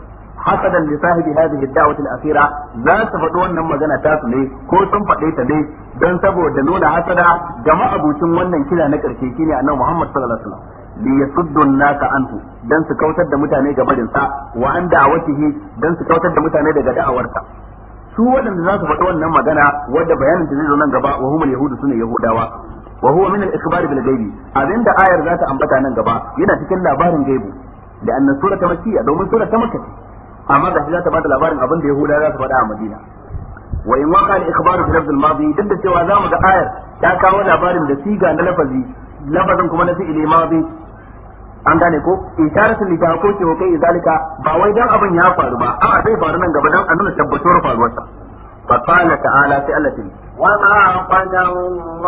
hasadan li sahibi hadhihi ad-da'wati al-akhira za su faɗi wannan magana tasu ne ko sun faɗe ta ne dan saboda nuna hasada ga ma'abucin wannan kira na ƙarshe shine annabi Muhammad sallallahu alaihi wasallam li anhu dan su kautar da mutane ga barin sa wa an da'awatihi su kautar da mutane daga da'awarsa su waɗanda za su faɗi wannan magana wadda bayanin ta zai zo nan gaba wa yahudu sune yahudawa wa huwa min al-ikhbar bil ghaibi abinda ayar za ta ambata nan gaba yana cikin labarin gaibu da annan sura ta makkiya domin sura ta amma da shi za ta bada labarin abin da yahuda za su faɗa a madina wa in waka al ikhbaru fi lafzil madi duk da cewa zamu ga ayar ta kawo labarin da siga na lafazi lafazin kuma na fi'ili madi an gane ko isharatu li taquti wa kai zalika ba wai dan abin ya faru ba a'a zai faru nan gaba dan a nuna tabbatuwar faruwarsa fa qala ta'ala sai Allah ta wa ma qadara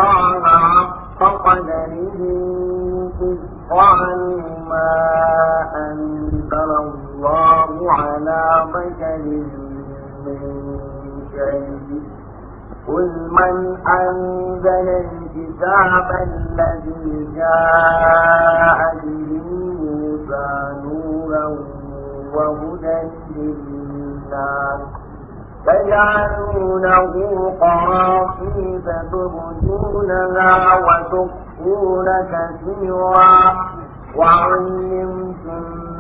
Allah فقدره إذ قالوا ما أنزل الله على بشر من شيء قل من أنزل الكتاب الذي جاء به موسى نورا وهدى للناس تجعلونه قراطيس تبدونها وتخفون كثيرا وعلمتم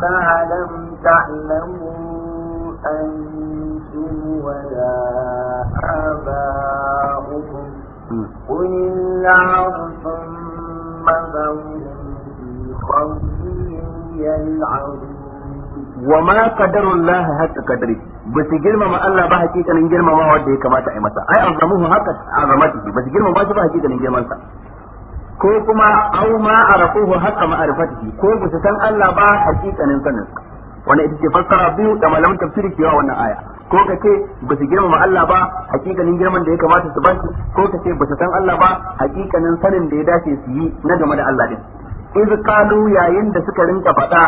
ما لم تعلموا أنتم ولا آباؤكم قل الله ثم ذرهم في يلعبون wa ma qadarullah hatta qadri ba su girmama Allah ba hakikanin girmama wanda kamata a yi masa ai azamuhu haka azamatihi ba su girmama shi ba hakikanin ko kuma au ma arafuhu haqqa ma'rifatihi ko ba su san Allah ba hakikanin sanin wannan ita ce fassara biyu da malamin tafsiri ke wa wannan aya ko ka ce ba su girmama Allah ba hakikanin girman da ya kamata su bashi ko ka ce ba su san Allah ba hakikanin sanin da ya dace su yi na game da Allah din iz qalu yayin da suka rinka faɗa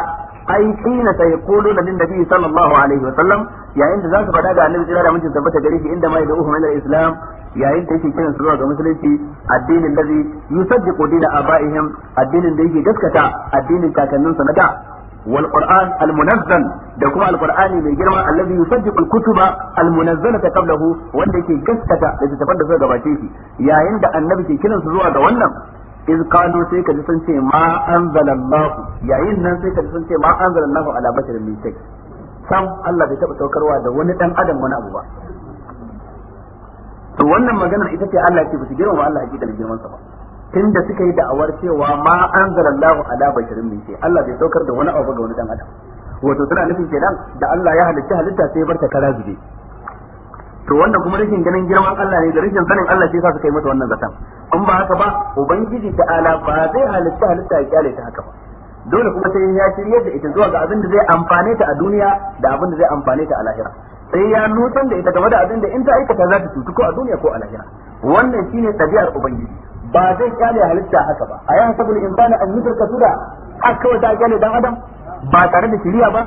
ai kina sai qulu lin nabi sallallahu alaihi wa sallam yayin da za su faɗa ga annabi jira da mun tabbata gare shi inda mai da uhu min al-islam yayin da yake kiran su zuwa ga musulunci addinin da zai yusaddiqu dina abaihim addinin da yake gaskata addinin kakannin sa na da wal qur'an al munazzal da kuma al qur'ani mai girma alladhi yusaddiqu al kutuba al munazzalata qablahu wanda yake gaskata da tafan da suka gabace shi yayin da annabi ke kiran su zuwa ga wannan iz qalu sai ka ji sun ce ma anzalallahu yayin nan sai ka ji sun ce ma anzalallahu ala basharin min sam Allah bai taba saukarwa da wani dan adam wani abu ba to wannan maganar ita ce Allah ce su girma ba Allah hakika da girman sa ba tunda suka yi da'awar cewa ma anzalallahu ala basharin min shay Allah bai saukar da wani abu ga wani dan adam wato tana nufin kenan da Allah ya halitta halitta sai barta kara zube to wannan kuma rashin ganin girman Allah ne da rashin sanin Allah sai sa suka yi masa wannan zatan in ba haka ba ubangiji ala ba zai halitta halitta ya kyale ta haka ba dole kuma sai ya shirye da ita zuwa ga abin da zai amfane ta a duniya da abin da zai amfane ta a lahira sai ya nutsar da ita game da abin da in ta aikata za ta cutu ko a duniya ko a lahira wannan shine tabi'ar ubangiji ba zai kyale halitta haka ba a yan sabul in an yudrika suda har kawai ta kyale dan adam ba tare da shiriya ba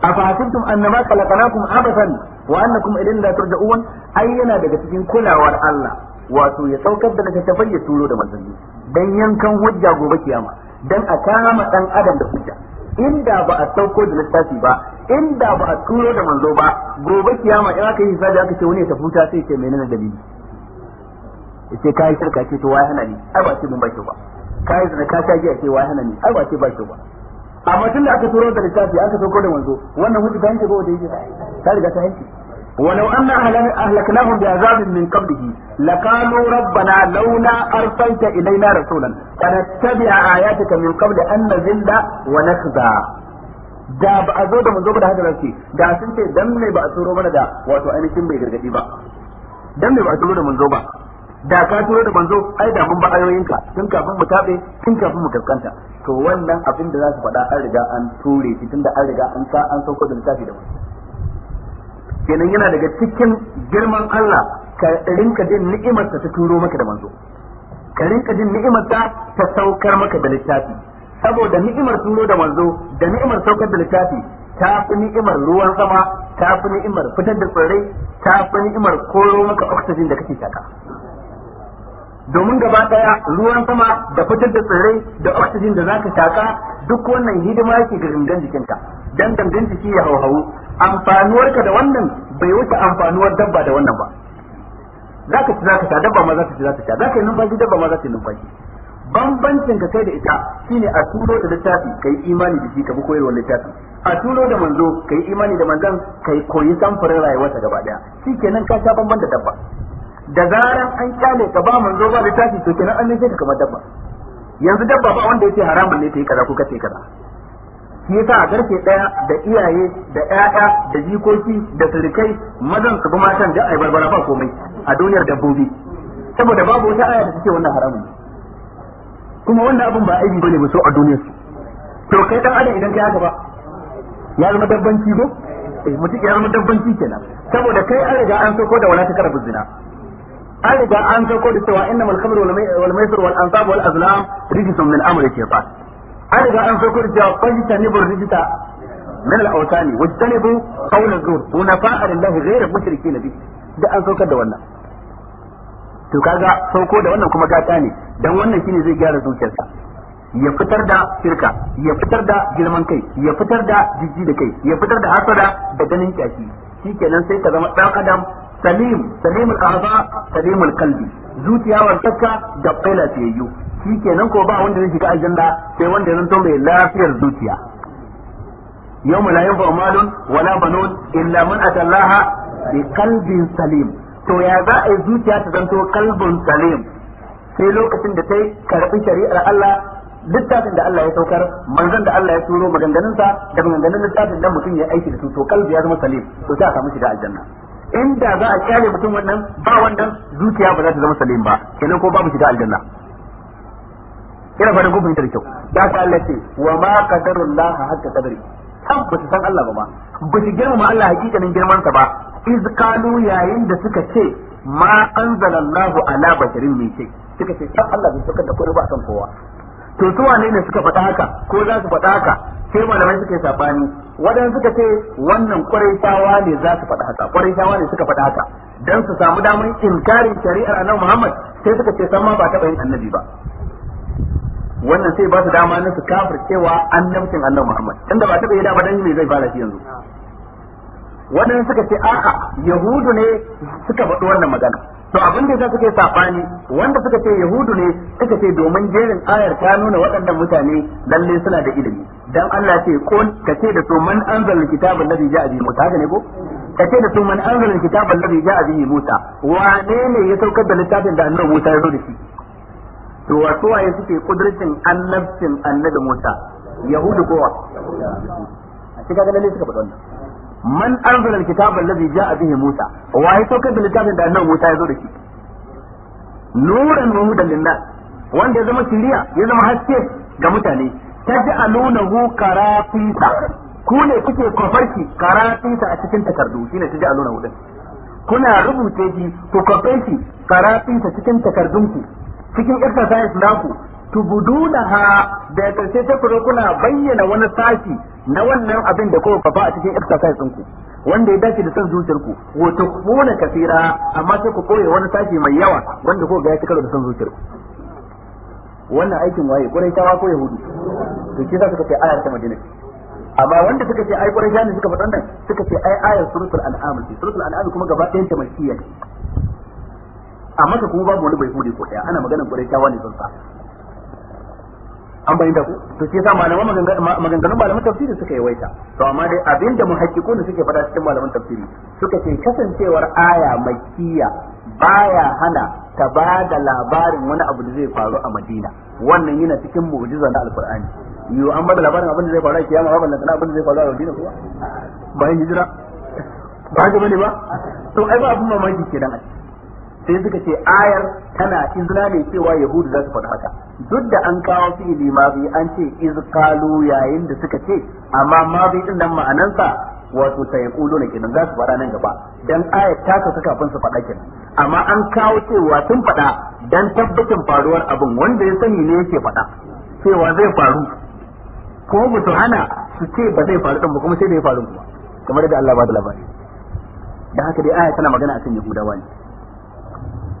a fahimtum annama khalaqnakum abathan wa annakum ilayna la turja'un ai yana daga cikin kulawar Allah wato ya saukar da daga tafai ya turo da manzanni dan yankan hujja gobe kiyama dan a kama dan adam da hujja inda ba a sauko da littafi ba inda ba a turo da manzo ba gobe kiyama in aka yi hisabi aka ce wani ya tafi wuta sai ce menene dalili yace kai shirka ce to wai hana ni ai ba ce mun ba ba kai zina ka ta giya ce wai hana ni ai ba ce ba ba amma tun da aka turo da littafi aka sauko da manzo wannan hujja ta yanke ba da yake ta riga ta yanke ولو أن أهلكناهم بعذاب من قبله لقالوا ربنا لولا أرسلت إلينا رسولا فنتبع آياتك من قبل أن نذل ونخزى da ba a zo da manzo ba da haka zai da sun ce dan me ba a turo mana da wato ainihin bai gargadi ba dan me ba a turo da manzo ba da ka turo da manzo ai da mun ba ayoyinka tun kafin mu tabe tun kafin mu kaskanta to wannan abin da za su faɗa an riga an ture shi tunda an riga an sa an sauko da littafi da manzo kenan yana daga cikin girman Allah ka rinka jin ni'imar ta turo maka da manzo ka rinka jin ni'imar ta ta saukar maka da littafi saboda ni'imar turo da manzo da ni'imar saukar da littafi ta fi ni'imar ruwan sama ta fi ni'imar fitar da tsirrai ta fi ni'imar koro maka oxygen da kake shaka domin gaba daya ruwan sama da fitar da tsirrai da oxygen da zaka shaka duk wannan hidima yake ga gangan jikinka dan gangan jiki ya hauhawu amfanuwarka da wannan bai wuce amfanuwar dabba da wannan ba zaka ci zaka sha dabba ma zaka ci zaka sha zaka yi numfashi dabba ma zaka yi numfashi bambancin ka kai da ita shine a turo da littafi kai imani da shi ka bi koyarwar littafi a turo da manzo kai imani da manzon kai koyi samfurin rayuwarsa gaba daya shikenan ka sha bamban da dabba da zaran an kyale ka ba manzo ba littafi to kenan an nace ka kamar dabba yanzu dabba ba wanda yake haramun ne ta yi kaza ko kace kaza shi yasa a garke daya da iyaye da ƴaƴa da jikoki da surikai mazan su bi matan da ai barbara ba komai a duniyar dabbobi saboda babu wata aya da take wannan haramun kuma wannan abin ba aibi bane ba so a duniyar su to kai dan adam idan kai haka ba ya zama dabbanci ko eh mutum ya zama dabbanci kenan saboda kai an riga an sauko da wala ta karabu zina an riga an sauko da cewa innamal khamru wal maisir wal ansab wal azlam rijsun min amri shaytan an riga an sauko da cewa fajtanibur rijsa من الاوثان واجتنبوا قول الزور ونفاء لله غير مشركين به da an saukar da wannan to kaga sauko da wannan kuma gata ne dan wannan shine zai gyara zuciyarsa. ya fitar da shirka ya fitar da girman kai ya fitar da jijji da kai ya fitar da hasada da ganin kyaki shikenan sai ka zama dan adam salim salimul arba al kalbi zuciya wartakka da kaila fiyayyu shikenan ko ba wanda zai shiga aljanna sai wanda zan to lafiyar zuciya yawma la yanfa'u malun wala banun illa man atallaha bi qalbin salim to ya za a zuciya ta zanto kalbun salim sai lokacin da ta yi karɓi shari'ar Allah littafin da Allah ya saukar manzon da Allah ya turo maganganunsa da maganganun littafin dan mutum ya aiki da su to kalbi ya zama salim to sai a samu shiga aljanna inda za a kyale mutum wannan ba wannan zuciya ba za ta zama salim ba kenan ko babu shiga aljanna ina fara gubin da kyau da ka Allah ce wa ma qadarullahi hatta qadari san ba san Allah ba ba ba su girmama Allah hakikanin girman sa ba iz yayin da suka ce ma anzalallahu ala basharin min shay' suka ce san Allah bai saka da kowa ba san kowa to su wane ne suka faɗa haka ko za su faɗa haka sai malamai suka yi sabani wadanda suka ce wannan ƙwarai ne za su faɗa haka ƙwarai ne suka faɗa haka dan su samu damar inkarin shari'ar annabi Muhammad sai suka ce san ma ba taɓa yin annabi ba wannan sai ba su dama na su kafir cewa annabcin annabi Muhammad inda ba taɓa yi da ba dan me zai fara shi yanzu wadanda suka ce a'a yahudu ne suka faɗi wannan magana to abin da yasa suke sabani wanda suka ce yahudu ne suka ce domin jerin ayar ta nuna waɗannan mutane lalle suna da ilimi dan Allah ce ko ka ce da to man anzal kitabal ladhi ja'a bi Musa haka ne ko ka ce da to man anzal kitabal ladhi ja'a bi Musa wane ne ya saukar da littafin da annabi Musa ya zo da shi to wato waye suke kudurcin annabcin annabi Musa yahudu kowa a cikin lalle suka faɗa wannan man anzal alkitab alladhi jaa bihi Musa wa ya saukar da littafin da annabi Musa ya zo da shi nuran wa hudan wanda ya zama shiriya ya zama haske ga mutane taj'alunahu qarafisa ku ne kuke kwafarki karafita a cikin takardu shine taj'alunahu din kuna rubuce shi ku kwafe shi cikin cikin takardunku cikin exercise naku tubudunaha da karshe sai ku kuna bayyana wani sashi na wannan abin da kowa kafa a cikin exercise ɗinku wanda ya dace da san zuciyarku wato kuna kafira, amma sai ku koyi wani sashi mai yawa wanda ko ga ya cikar da san zuciyarku wannan aikin waye kurai ta ko yahudu to shi zaka suka ayar ta madina amma wanda suka ce ai kurai shani suka faɗa nan suka ce ai ayar suratul al'am ce suratul al'am kuma gaba ɗayan ta makkiya a maka kuma babu wani bai hude ko daya ana maganar quraishawa ne sun sa an bayyana ku to shi yasa malaman maganganun malaman tafsiri suka yi waita to amma dai abinda muhaqqiqun suke fada cikin malaman tafsiri suka ce kasancewar aya makkiya baya hana ta ba da labarin wani abu da zai faru a Madina wannan yana cikin mu'jiza na alqur'ani yo an ba da labarin abin da zai faru a kiyama ba ballan abin da zai faru a Madina kuwa bayan hijira ba ga bane ba to ai ba abun mamaki kenan a sai suka ce ayar tana izina ne cewa yahudu za su faɗi haka duk da an kawo fi'ili mazi an ce izkalu yayin da suka ce amma bi din nan ma'anansa wato kulo ne kenan za su faɗa nan gaba dan ayar ta ka kafin su faɗa kenan amma an kawo cewa tun faɗa dan tabbacin faruwar abin wanda ya sani ne yake faɗa cewa zai faru ko mu su hana su ce ba zai faru din ba kuma sai da ya faru kuma kamar da Allah ba da labari da haka dai aya tana magana akan yahudawa ne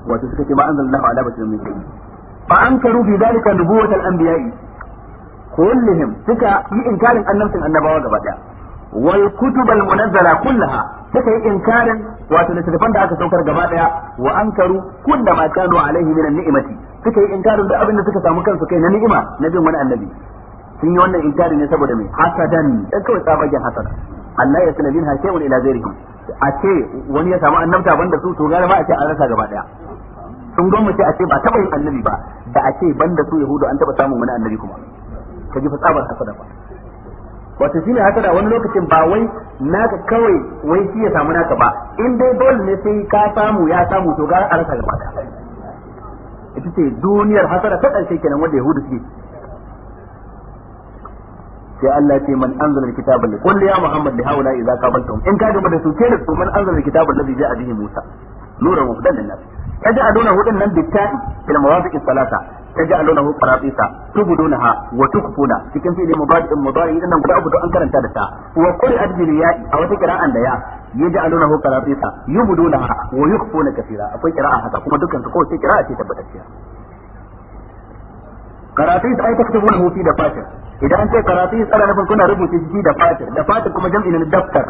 wato suka ce ma anzalallahu ala bashirin min shay'in fa ankaru fi dhalika nubuwatal anbiya'i kullihim suka yi inkarin annabcin annabawa gaba daya wal kutubal munazzala kullaha suka yi inkarin wato littattafan da aka saukar gaba daya wa ankaru kullu ma kanu alaihi min ni'mati suka yi inkarin da abin da suka samu kansu kai na ni'ima na bin wani annabi sun yi wannan inkari ne saboda mai hasadan dan kawai tsabagen hasada Allah ya sanar minha shay'un ila ghairihim a ce wani ya samu annabta banda su to gara ba a ce an rasa gaba daya sun mu ce a ce ba taɓa yin annabi ba da a ce ban da su yahudu an taɓa samun wani annabi kuma ka ji tsabar hasada ba wato shine hasada wani lokacin ba wai naka kawai wai shi ya samu naka ba in dai dole ne sai ka samu ya samu to gara a rasa gaba ka ita ce duniyar hasara ta ƙarshe kenan wanda yahudu suke sai Allah ce man anzala alkitaba li qul ya muhammad li haula idza qabaltum in ka gaba da su kenan man anzala alkitaba alladhi ja'a bihi musa nuran wa hudan lin nas تجعلونه دن نن بالتاء في المواضع الثلاثة تجعلونه قراطيسا تبدونها وتكفون في كم فعل مضارع مضارع إذا نقول أبدو أن كرن تادتا وقرئت بالياء أو تقرأ أن ياء يجعلونه قراطيسا يبدونها ويخفون كثيرا أقول قراءة هذا كما دكان تقول قراءة تبتت فيها قراطيس أي تكتبونه في دفاتر idan an ce karatu tsara nufin kuna rubuta shi da fatir da fatir kuma jam'i na daftar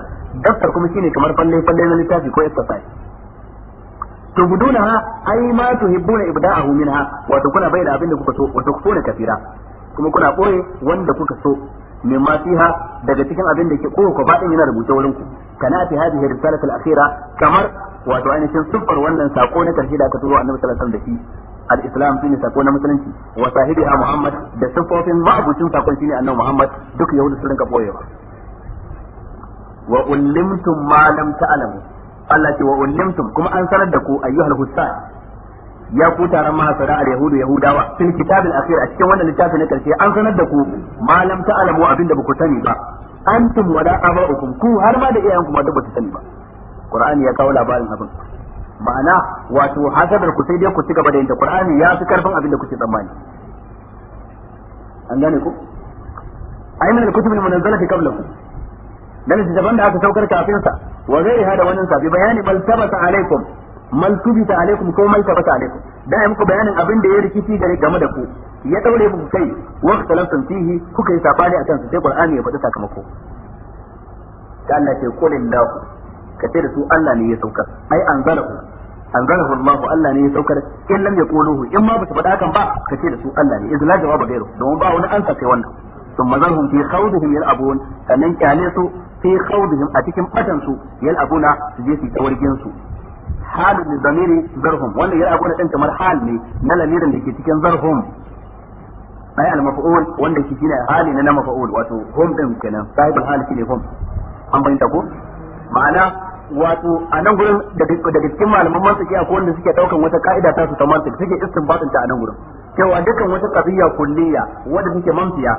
daftar kuma shine kamar falle falle na littafi ko exercise tubdunaha ai ma tuhibbuna ibda'ahu minha wato kuna bai da abin da kuka so wato ku kafira kuma kuna boye wanda kuka so min ma fiha daga cikin abin da ke kowa yana rubuce wurin ku kana fi hadhihi risalatu al-akhira kamar wato ainihin siffar wannan sako na karshe da aka turo annabi sallallahu alaihi wasallam da shi al-islam shine sako na musulunci wa sahibiha muhammad da sakon shine annabi muhammad duk yahudu sun rinka boyewa wa ullimtum ma lam ta'lamu Allah ce wa ulimtum kuma an sanar da ku ayyuhal husan ya ku taron mahasara al yahudu yahudawa fil kitabil akhir a cikin wannan littafi na karshe an sanar da ku ma lam ta'lamu abinda ba ku sani ba antum wala aba'ukum ku har ma da iyayenku ma da ba su sani ba qur'ani ya kawo labarin abin ma'ana wato hasadar ku sai dai ku ci gaba da yin qur'ani ya fi karfin abin da kuke tsammani an gane ku ayyuna al-kutub al-munazzalati qablakum na littattafan da aka saukar kafin sa wa gairiha hada wannan sa bi bayani bal tabata alaikum mal alaikum ko maltabata tabata alaikum da ai muku bayanin abin da ya rikici gare game da ku ya daure muku kai wa talafsun fihi kuka yi sabani akan su sai qur'ani ya faɗi sakamako da Allah ce kulillahu ka ce da su Allah ne ya saukar ai anzalahu anzalahu Allah Allah ne ya saukar in lam yaquluhu in ma ba faɗa hakan ba ka ce da su Allah ne izla jawabu gairu domin ba wani ansa sai wannan ثم ذرهم في خوضهم يلعبون sannan kyale su Sai khawdihim a cikin batan su yal'abuna su je su tawargin su halu min zamiri zarhum wanda yal yal'abuna din kamar hal ne na lamirin da ke cikin zarhum ai al-maf'ul wanda ke shine hali na maf'ul wato hum din kenan sahibul hali shine hum an bayyana ko ma'ana wato a nan gurin daga cikin malaman mantiki akwai wanda suke daukan wata ka'ida ta su ta mantiki suke istinbatin ta a nan gurin cewa dukkan wata qadiyya kulliyya wanda suke mantiya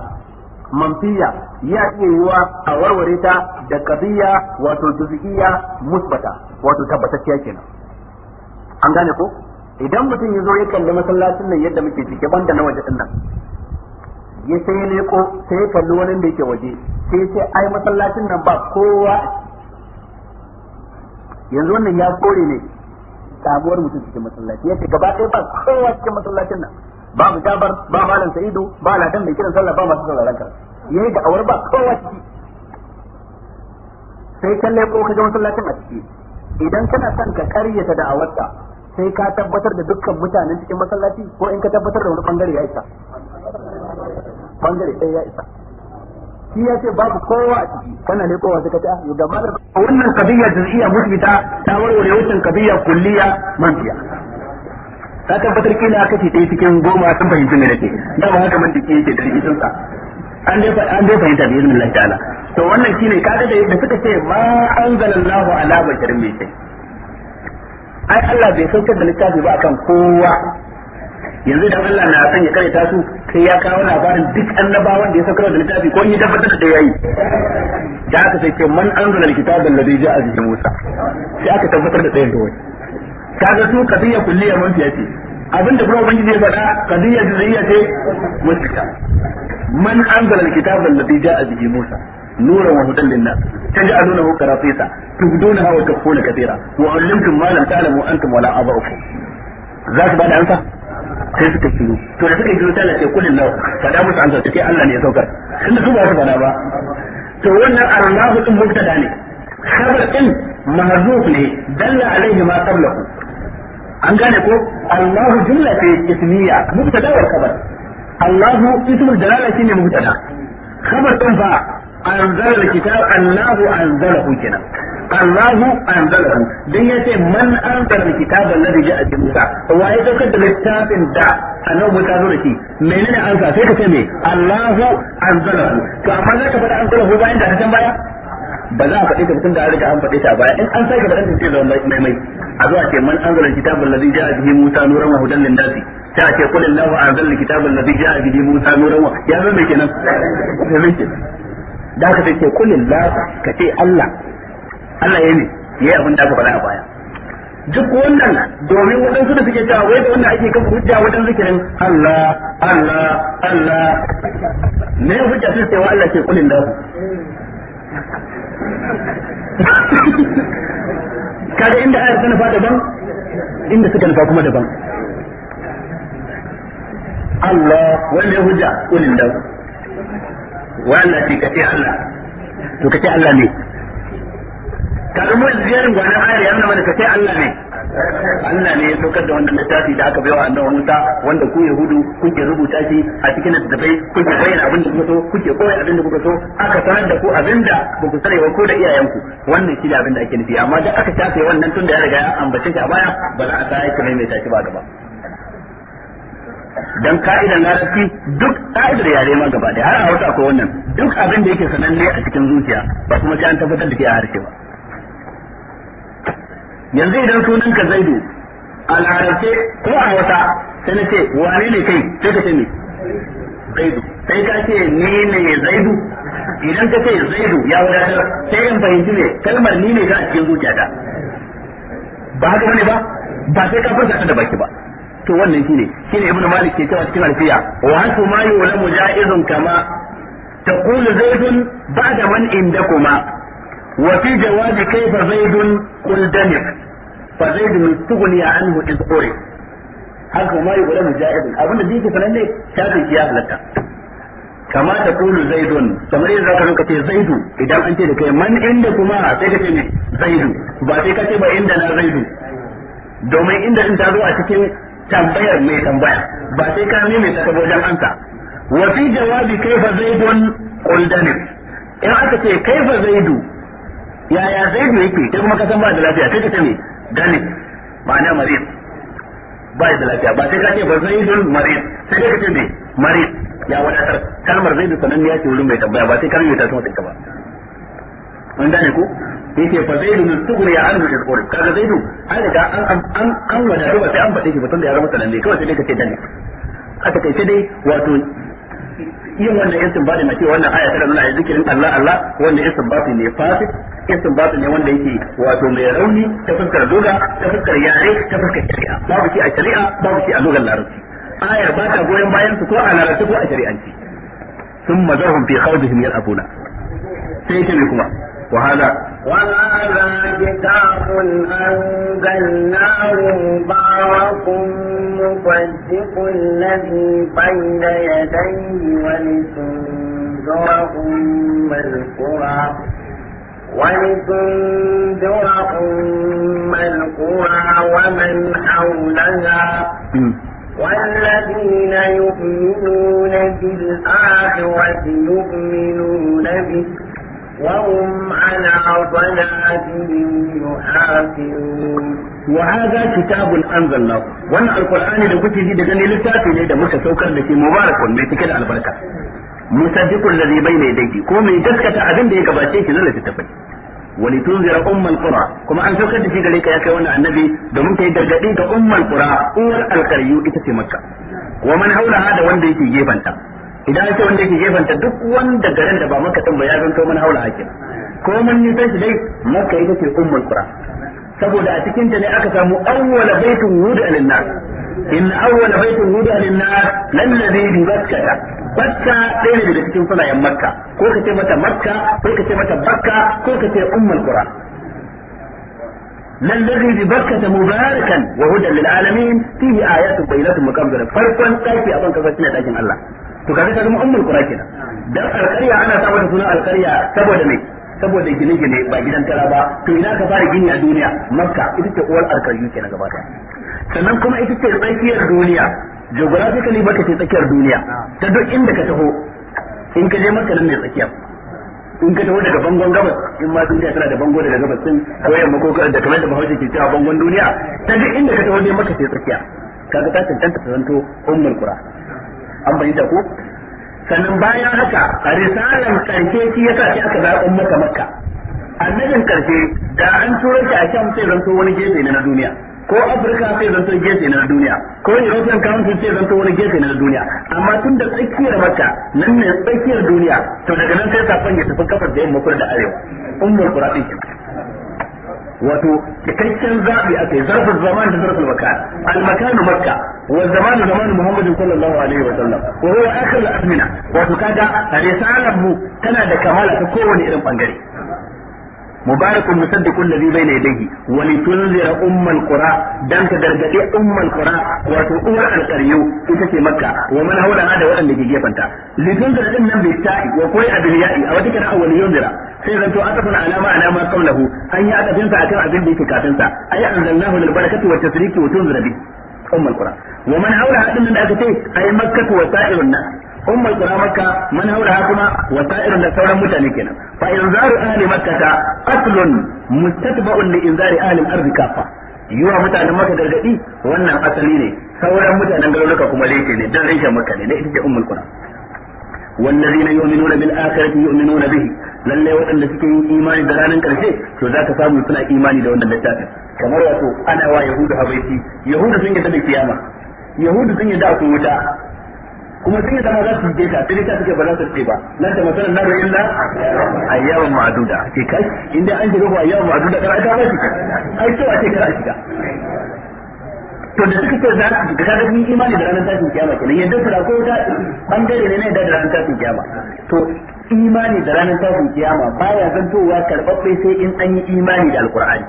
manfiya ya iya yiwa a warware ta da qadiyya wato juz'iyya musbata wato tabbatacciya kenan an gane ko idan mutum ya zo ya kalli masallacin nan yadda muke cike banda na waje dinnan, ya sai ne ko sai ya kalli wani da yake waje sai sai ai masallacin nan ba kowa yanzu wannan ya kore ne sabuwar mutum cikin masallaci ya ce gaba ɗaya ba kowa cikin masallacin nan babu jabar ba malam sa'idu ba ladan mai kiran sallah ba masu sauraron ranka yayi da awar ba kowa ciki sai kalle ko ka ga masallacin a ciki idan kana son ka karyata da'awarta sai ka tabbatar da dukkan mutanen cikin masallaci ko in ka tabbatar da wani bangare ya isa bangare ɗaya ya isa shi ya ce babu kowa a ciki kana ne kowa suka ta ah, yau gabatar wannan kadiyya juz'iyya musbita ta warware wucin kadiyya kulliya manfiya ka tabbatar kila ta yi cikin goma sun fahimci me nake ba haka man jiki yake da rikicin sa an dai an dai fahimta bi iznillahi ta'ala to wannan shine kaga da yadda suka ce ma anzalallahu ala basharin mai sai ai Allah bai saukar da littafi ba akan kowa yanzu da Allah na san ya karanta su sai ya kawo labarin duk annabawan da ya saukar da littafi ko in ya tabbatar da yayi da aka sai ce man anzala alkitaba alladhi ja'a bihi Musa sai aka tabbatar da tsayin da wani kaga su kadiyya kulliya mafiya ce abinda kuma ubangiji ya faɗa kadiyya juz'iyya ce wasta man anzala alkitaba alladhi ja'a bihi musa نورا وهدى للناس تجعلونه قراطيسا تبدونها وتخفون كثيرا وعلمتم ما لم تعلموا انتم ولا اباؤكم ذاك بعد انت sai ta kiro to da suka kiro tana ce kullun law kada musu an zartake Allah ne ya saukar inda su ba su ba to wannan Allahu din mubtada ne khabar din mahdhuf ne dalla alaihi ma qablahu an gane ko Allahu jumla ce ismiya mubtada wa khabar Allahu ismul dalala shine mubtada khabar din fa anzala alkitab Allahu anzalahu kenan Allahu anzalahu dan yace man anzala alkitaba alladhi ja'a bi Musa wa ya saukar da littafin da annabi Musa zo da shi menene ansa sai ka ce me Allahu anzalahu to amma zaka fara anzalahu bayan da ka ta baya ba za a faɗi ta mutum da an riga an faɗi ta baya in an sake faɗin ta sai zama mai mai a zuwa ce man an zara kitabul ladhi ja'a bihi Musa nuran wa hudan lin nasi ta ce qul Allahu anzala kitabul ladhi ja'a bihi Musa nuran wa ya zama kenan zama kenan da ka ce qul Allahu ka ce Allah Allah yayi ne yayi abin da aka faɗa a baya duk wannan domin waɗansu da suke cewa wai da wannan ake kafa hujja wajen zikirin Allah Allah Allah ne hujja sai wa Allah ke kulin lahu kaga inda ayar ta nufa daban inda suka nufa kuma daban Allah wanda ya hujja kulin da wannan ce kace Allah to kace Allah ne kaga ziyarin gwanin ayar yana mana kace Allah ne Allah ne ya saukar da wannan littafi da aka baiwa annabi Musa wanda ku Yahudu kuke rubuta shi a cikin littafai kuke bayyana abin da kuka so kuke koyi abin da kuka so aka sanar da ku abin da ba ku wa ko da iyayenku wannan shi ne abin da ake nufi amma da aka tafe wannan tun da ya riga ya ambace shi a baya ba za a sa aiki mai mai tashi ba gaba dan na suke duk ka'idar yare ma gaba da har a wata akwai wannan duk abin da yake sananne a cikin zuciya ba kuma sai an tabbatar da ke a harshe ba yanzu idan sunan ka zaidu a larabce ko a wata sai na ce wane ne kai sai ka ce ne zaidu sai ka ce ni ne zaidu idan ka ce zaidu ya wadatar sai in fahimci ne kalmar ni ne za a cikin zuciyata ba haka wani ba ba sai ka furta da baki ba to wannan shine shine ibnu malik ke cewa cikin alfiya wa hasu ma yulamu jaizun kama taqulu zaidun ba'da man indakuma وفي جواب كيف زيد قل دنك فزيد مستغني عنه إذ أورد haka ma yi gudan mujahidin abinda da yake sanan ne shafin ya halatta kama ta kulu zaidun kamar yadda zaka ka ce zaidu idan an ce da kai man inda kuma sai ka ce ne ba sai ka ce ba inda na zaidu domin inda in ta zo a cikin tambayar mai tambaya ba sai ka mai ta wajen ansa wa fi jawabi kaifa zaidun qul in aka ce kaifa zaidu yaya da yake sai kuma kasan ba da lafiya sai ka tani me ba na marid ba da lafiya ba sai ka ce ba zaidun marid sai ka tani me marid ya wadatar kalmar zai da sanan ya ce wurin mai tambaya ba sai kalmar ta tuma ta ba mun gane ku yake fa zai min tughri ya anhu al-qur'an kaga zaidu an riga an an an wadatu ba sai an faɗe shi ba tunda ya zama sanan ne kawai sai ka ce dane a takaice dai wato yin wannan istinbati na cewa wannan aya tana nuna a zikirin Allah Allah wanda wannan istinbati ne fasid istinbati ne wanda yake wato mai rauni ta fuskar lugha ta fuskar yare ta fuskar shari'a babu shi a shari'a babu shi a lugar larabci ayar ba ta goyon bayan su ko a larabci ko a shari'anci sun ثم ذرهم في sai يلعبون سيتم كما وهذا وهذا كتاب أنزلناه مبارك مصدق الذي بين يديه ولتنذر أم القرى ولتنذر أم القرى ومن حولها والذين يؤمنون بالآخرة يؤمنون به وهم على صلاتهم يحافظون وهذا كتاب انزلناه وانا القران da kuke ji da gani littafi ne da muka saukar da shi mubarakun mai cike da albarka musaddiqul ladhi bayna yadayhi ko mai gaskata abin da ya gabace shi na littafai ولتنذر أم القرى كما أن سوكت في ذلك يا كيوانا النبي دومن كي درجعي أم القرى أول القريو إتسي مكة ومن حولها دا وان ديكي جيبانتا idan ake wanda yake gefanta duk wanda garin da ba maka din ba ya zanto mun haula hakin ko mun nisan shi dai maka ita ce ummul qura saboda a cikin ta ne aka samu awwala baitun wudu lin nas in awwala baitun wudu lin nas lan ladhi bi bakkata bakka ɗaya ne da cikin sunayen makka ko ka ce mata makka ko ka ce mata bakka ko ka ce ummul qura من الذي ببكة مباركا وهدى للعالمين فيه آيات بينات مكبرة فرقا تأتي أبنك فسنة أجن Allah. to kaga ta zama ummul qura kenan dan alƙarya ana sa mata sunan alƙarya saboda me saboda gine-gine ba gidan tara ba to ina ka fara gini a duniya makka ita ce uwar alƙaryu kenan gaba ɗaya sannan kuma ita ce tsakiyar duniya geographically baka ce tsakiyar duniya ta duk inda ka taho in ka je makka nan ne tsakiyar in ka taho daga bangon gabas in ma duniya tana da bango daga gabas din ko yamma ko da kamar da bahaushe ke cewa bangon duniya ta duk inda ka taho ne maka ce tsakiya kaga ta tantance ta zanto ummul qura an bayyana ko sannan bayan haka a risalan karshe shi yasa sai aka zaɓan maka makka annabin karshe da an tura shi a sham sai zanto wani gefe ne na duniya ko afirka sai zanto gefe ne na duniya ko european council sai zanto wani gefe ne na duniya amma tun da tsakiyar makka nan ne tsakiyar duniya to daga nan sai safan ya tafi kafar da yamma da arewa ummul qurati wato cikakken zabi a kai zarfin zaman da zarfin makan al-makan makka wa zamanu zamanu muhammadin sallallahu alaihi wa sallam wa huwa akhir al-azmina wato kaga risalar mu tana da kamala ta kowane irin bangare مبارك مصدق الذي بين يديه ولتنذر أم القرى دان تدرجتي أم القرى وتؤور القريو إتسي مكة ومن حول هذا وأن نجي فانتا لتنذر إنم بالتاء وقوي أبرياء أو تكن أول ينذر سيغن تؤثر على ما على ما قوله أن يأتفنسا أكن أبين بيك كافنسا أي أنزلناه للبركة والتسريك وتنذر به أم القرى ومن حول هذا من أكتي أي مكة وسائر الناس ummul qura makka man haura kuma wa sa'irun da sauran mutane kenan fa inzaru ahli makka ta aslun mustatba'un li inzari ahli al-ardi kafa yiwa mutanen maka gargadi wannan asali ne sauran mutanen garuruka kuma laifi ne dan reshen makka ne ita ce ummul qura والذين يؤمنون بالآخرة يؤمنون به lallai waɗanda suke yin imani da ranar ƙarshe to za ka samu suna imani da wannan littafin kamar wato ana wa yahudu habaiti yahudu sun yadda yahudu sun akwai wuta kuma sun yi zama za su yi ta sai ta suke ba za su ce ba nan ta masalan na bayin da ayyawan ma'aduda ce kai inda an shiga ayyawan ma'aduda aka ba shi ai to a ce kar a to da suka ce za su ga da mun imani da ranar tashin kiyama kenan yadda su da ko da bangare ne ne da ranar tashin kiyama to imani da ranar tashin kiyama baya zantowa karbabbe sai in an yi imani da alkur'ani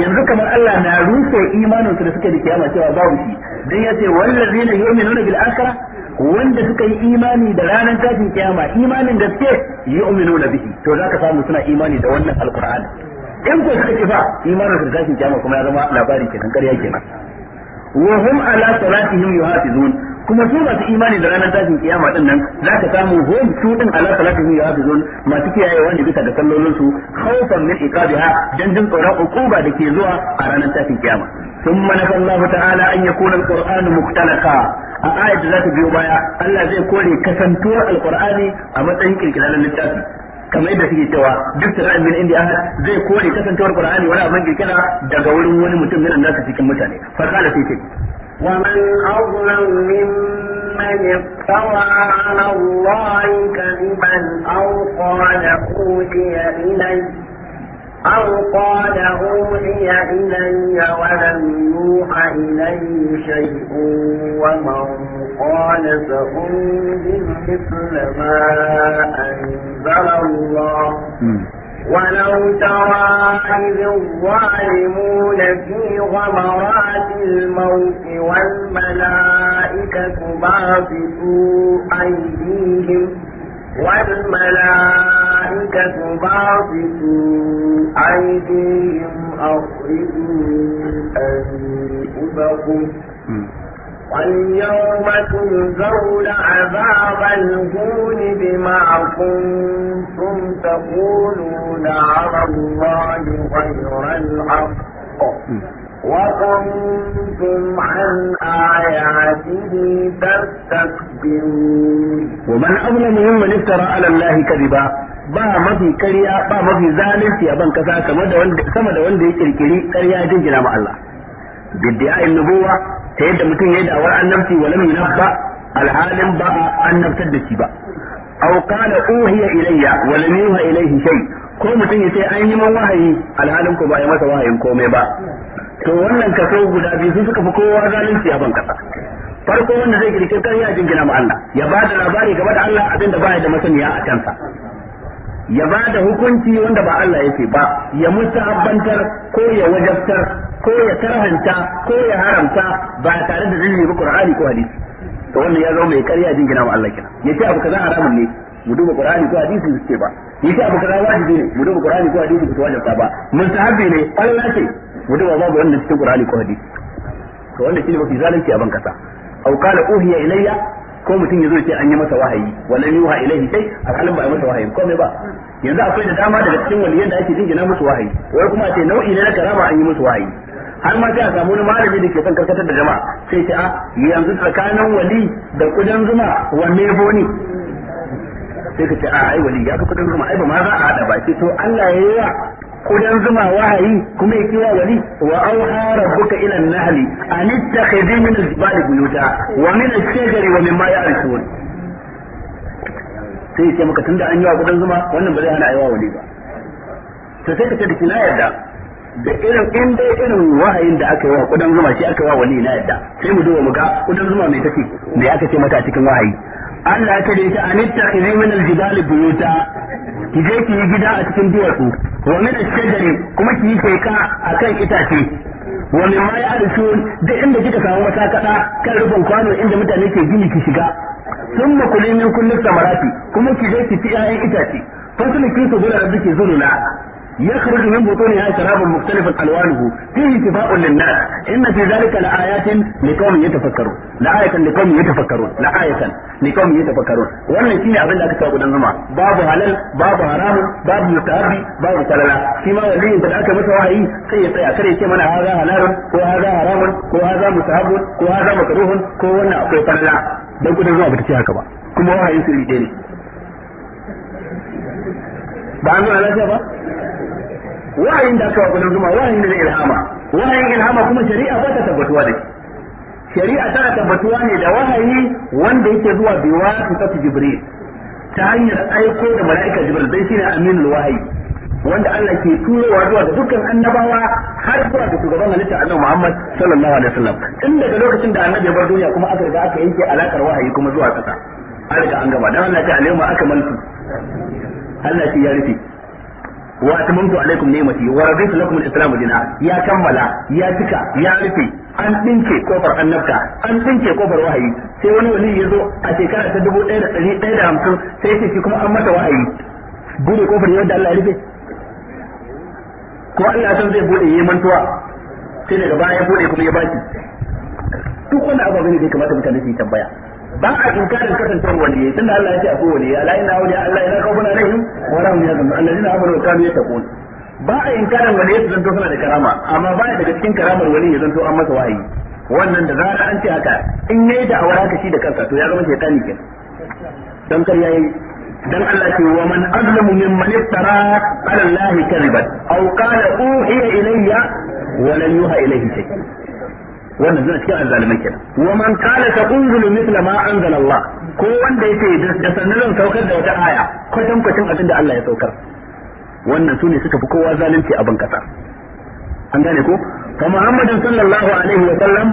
yanzu kamar Allah na rufe imanin su da suke da kiyama cewa babu shi dan yace wallazina yu'minuna bil akhirah wanda suka yi imani da ranar tashin kiyama imanin gaske na bihi to za ka samu suna imani da wannan alkur'an in ko suka kifa imanin da tashin kiyama kuma ya zama labari kenan ƙarya kenan wa hum ala salatihim yuhafizun kuma su masu imani da ranar tashin kiyama din nan za ka samu hum su din ala salatihim yuhafizun masu kiyaye ne bisa da sallolin su khawfan min iqabiha dan jin tsoron uquba da ke zuwa a ranar tashin kiyama ثم نفى الله تعالى أن يكون القرآن مختلقا a ayat da za ta biyo baya Allah zai kore kasantuwar alqur'ani a matsayin kirkirarin littafi kamar yadda suke cewa duk sirrin min indi ahad zai kore kasantuwar qur'ani wani abin kirkira daga wurin wani mutum yana nasu cikin mutane fa kana sai ce ومن أظلم ممن افترى على الله كذبا أو قال أوتي إليه أو قال أوحي إلي ولم يوحى إلي شيء ومن قال فأنزل مثل ما أنزل الله ولو ترى إذ الظالمون في غمرات الموت والملائكة باسطوا أيديهم والملائكة باسطوا أيديهم أخرجوا أنفسكم واليوم تجزون عذاب الهون بما كنتم تقولون على الله غير الحق وكنتم عن آياته تستكبرون ومن أظلم ممن افترى على الله كذبا ba mafi kariya ba mafi zalunci a ban kasa sama da wanda ya kirkiri ƙarya jingina ma Allah bidda'a nubuwa ta yadda mutum ya da'awar annabci wa lam yunabba alhalin ba a annabtar da shi ba aw qala uhiya ilayya wa lam yuha ilayhi shay ko mutum ya sai an yi man wahayi alhalin ko ba ya masa wahayin komai ba to wannan kaso guda biyu su suka fi kowa zalunci a ban kasa farko wanda zai kirki kan ya jingina ma Allah ya ba da labari game da Allah abin da baya da masaniya a kansa ya ba da hukunci wanda ba Allah yake ba ya musabantar ko ya wajabtar ko ya tarhanta ko ya haramta ba tare da dalili ba Qur'ani ko hadisi to wannan ya zama mai ƙarya jingina ma Allah kina yace abu kaza haramun ne mu duba Qur'ani ko hadisi su ce ba yace abu kaza wajibi ne mu duba Qur'ani ko hadisi su wajabta ba Mun mustahabi ne Allah ce wanda ba babu wannan cikin qur'ani ko hadisi to wannan shine mafi zalunci a ban kasa aw qala uhiya ilayya ko mutum yazo ce an yi masa wahayi walan yuha ilayhi kai alhalin ba a masa wahayi ko me ba yanzu akwai da dama daga cikin waliyan da ake jingina musu wahayi wai kuma a ce nau'i ne na karama an yi musu wahayi har ma sai a samu wani malami da ke son karkatar da jama'a sai ce a yanzu tsakanin wali da kudan zuma wanne ya boni sai ka ce a ai wali ya fi kudan zuma ai ba ma za a haɗa ba ce to Allah ya yi kudan zuma wahayi kuma ya kiwa wali wa auha rabbuka ila an-nahli an ittakhidhi min az-zibali buyuta wa min ash-shajari wa mimma ya'rishun sai ce maka tunda an yi wa kudan zuma wannan ba zai hana aiwa wani ba to sai ka ce dake na yarda da irin in dai irin wahayin da aka yi wa kudan zuma shi aka yi wa wani na yarda sai mu duba mu ga kudan zuma mai take me aka ce mata cikin wahayi Allah ya tare ta an ittakhidhi min al buyuta ki je ki yi gida a cikin duwatsu wa min ash kuma ki yi sheka akan itace wa ya ma ya'rishun duk inda kika samu kada kan rufin kwano inda mutane ke gini ki shiga sun kuli kullum samarati kuma ki je ki fi 'ya'yan itace fasulun kin su gura zulula يخرج من بطونها شراب مختلف الوانه فيه شفاء للناس ان في ذلك لايات لقوم يتفكرون لآية لقوم يتفكرون لآية لقوم يتفكرون wannan shine abin da aka kawo gudan zama babu halal babu haramun babu mutahabbi babu salala shi ma waliyin da aka masa wahayi sai ya tsaya ya ce mana haza halalun ko haza haramun ko ko ko wannan akwai falala dan gudan zuwa bata ce haka ba kuma wahayi su rike ne ba an zo lafiya ba wahayin da aka wa gudan zuma wahayin da ilhama wahayin ilhama kuma shari'a ba ta tabbatuwa da shari'a tana tabbatuwa ne da wahayi wanda yake zuwa bi wasitati jibril ta hanyar aiko da mala'ika jibril dai shine aminul wahayi wanda Allah ke turowa zuwa ga dukkan annabawa har zuwa ga shugaban halitta Annabi Muhammad sallallahu alaihi wasallam tun daga lokacin da annabi ya bar duniya kuma aka riga aka yanke alakar wahayi kuma zuwa kasa an riga an gaba dan Allah ya ce alayhi ma aka malku Allah ya rufe wa atamantu alaikum ni'mati wa raditu lakum al-islamu dina ya kammala ya cika ya rufe an dinke kofar annabta an dinke kofar wahayi sai wani wani ya zo a shekara ta 1150 sai ce shi kuma an mata wahayi bude kofar yadda Allah ya rufe ko Allah san zai bude yayin mantuwa sai daga baya ya bude kuma ya baki duk wanda ababen da kamata mutane su yi tambaya ba a inkarin kasancewar waliyi tunda Allah ya ce akwai waliyi ala inna awliya Allah ya kawo na rahim wa rahum ya zama allazina amanu wa kanu yattaqun ba a inkarin waliyi zan to suna da karama amma ba daga cikin karamar waliyi zan to an masa wahayi wannan da zara an ce haka in yayi da awara ka shi da kanka to ya zama shaytani kenan dan kar yayi dan Allah ce wa man azlamu mimman iftara ala Allah kadiban aw qala uhiya ilayya wa lam yuha ilayhi shay wannan suna cikin azzalimai kenan wa man qala saqulu mithla ma anzala Allah ko wanda yake da sanin zan saukar da wata aya kwatan kwatan abin da Allah ya saukar wannan su ne suka fi kowa zalunci a ban an gane ko sallallahu alaihi wa فمحمد صلى الله عليه وسلم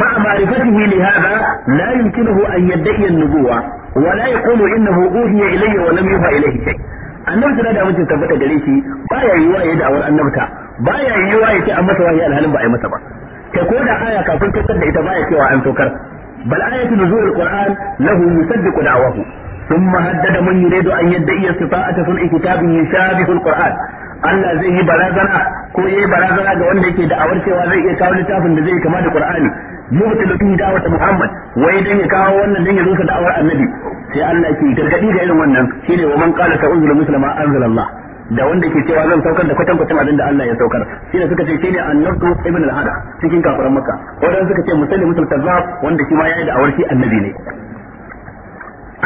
مع معرفته لهذا لا يمكنه أن يدعي النبوة ولا يقول إنه أوحي إلي ولم يوحى إليه شيء annabta da mutum tabbata gare shi Ba ya baya yiwa ya da'awar annabta ba ya baya yiwa ya ce an masa wahayi alhalin ba a yi masa ba kai ko da aya kafin saukar da ita baya cewa an saukar bal ayatu nuzul alquran lahu musaddiqu da'wahu ثم yadda iya يريد أن يدعي استطاعة صنع كتاب يشابه القرآن Allah zai yi barazana ko yayi barazana ga wanda yake da'awar cewa zai iya kawo littafin da zai kama da Qur'ani mutu da da'awata Muhammad wai dan ya kawo wannan dan ya zo da'awar Annabi sai Allah ke gargadi ga irin wannan shine wa man qala ta unzila muslima da wanda ke cewa zan saukar da kwatan kwatan abin da Allah ya saukar ne suka ce shine annabtu ibn al-hada cikin kafiran makka wadanda suka ce musallim musul kazzab wanda shi ma yayi da awarki annabi ne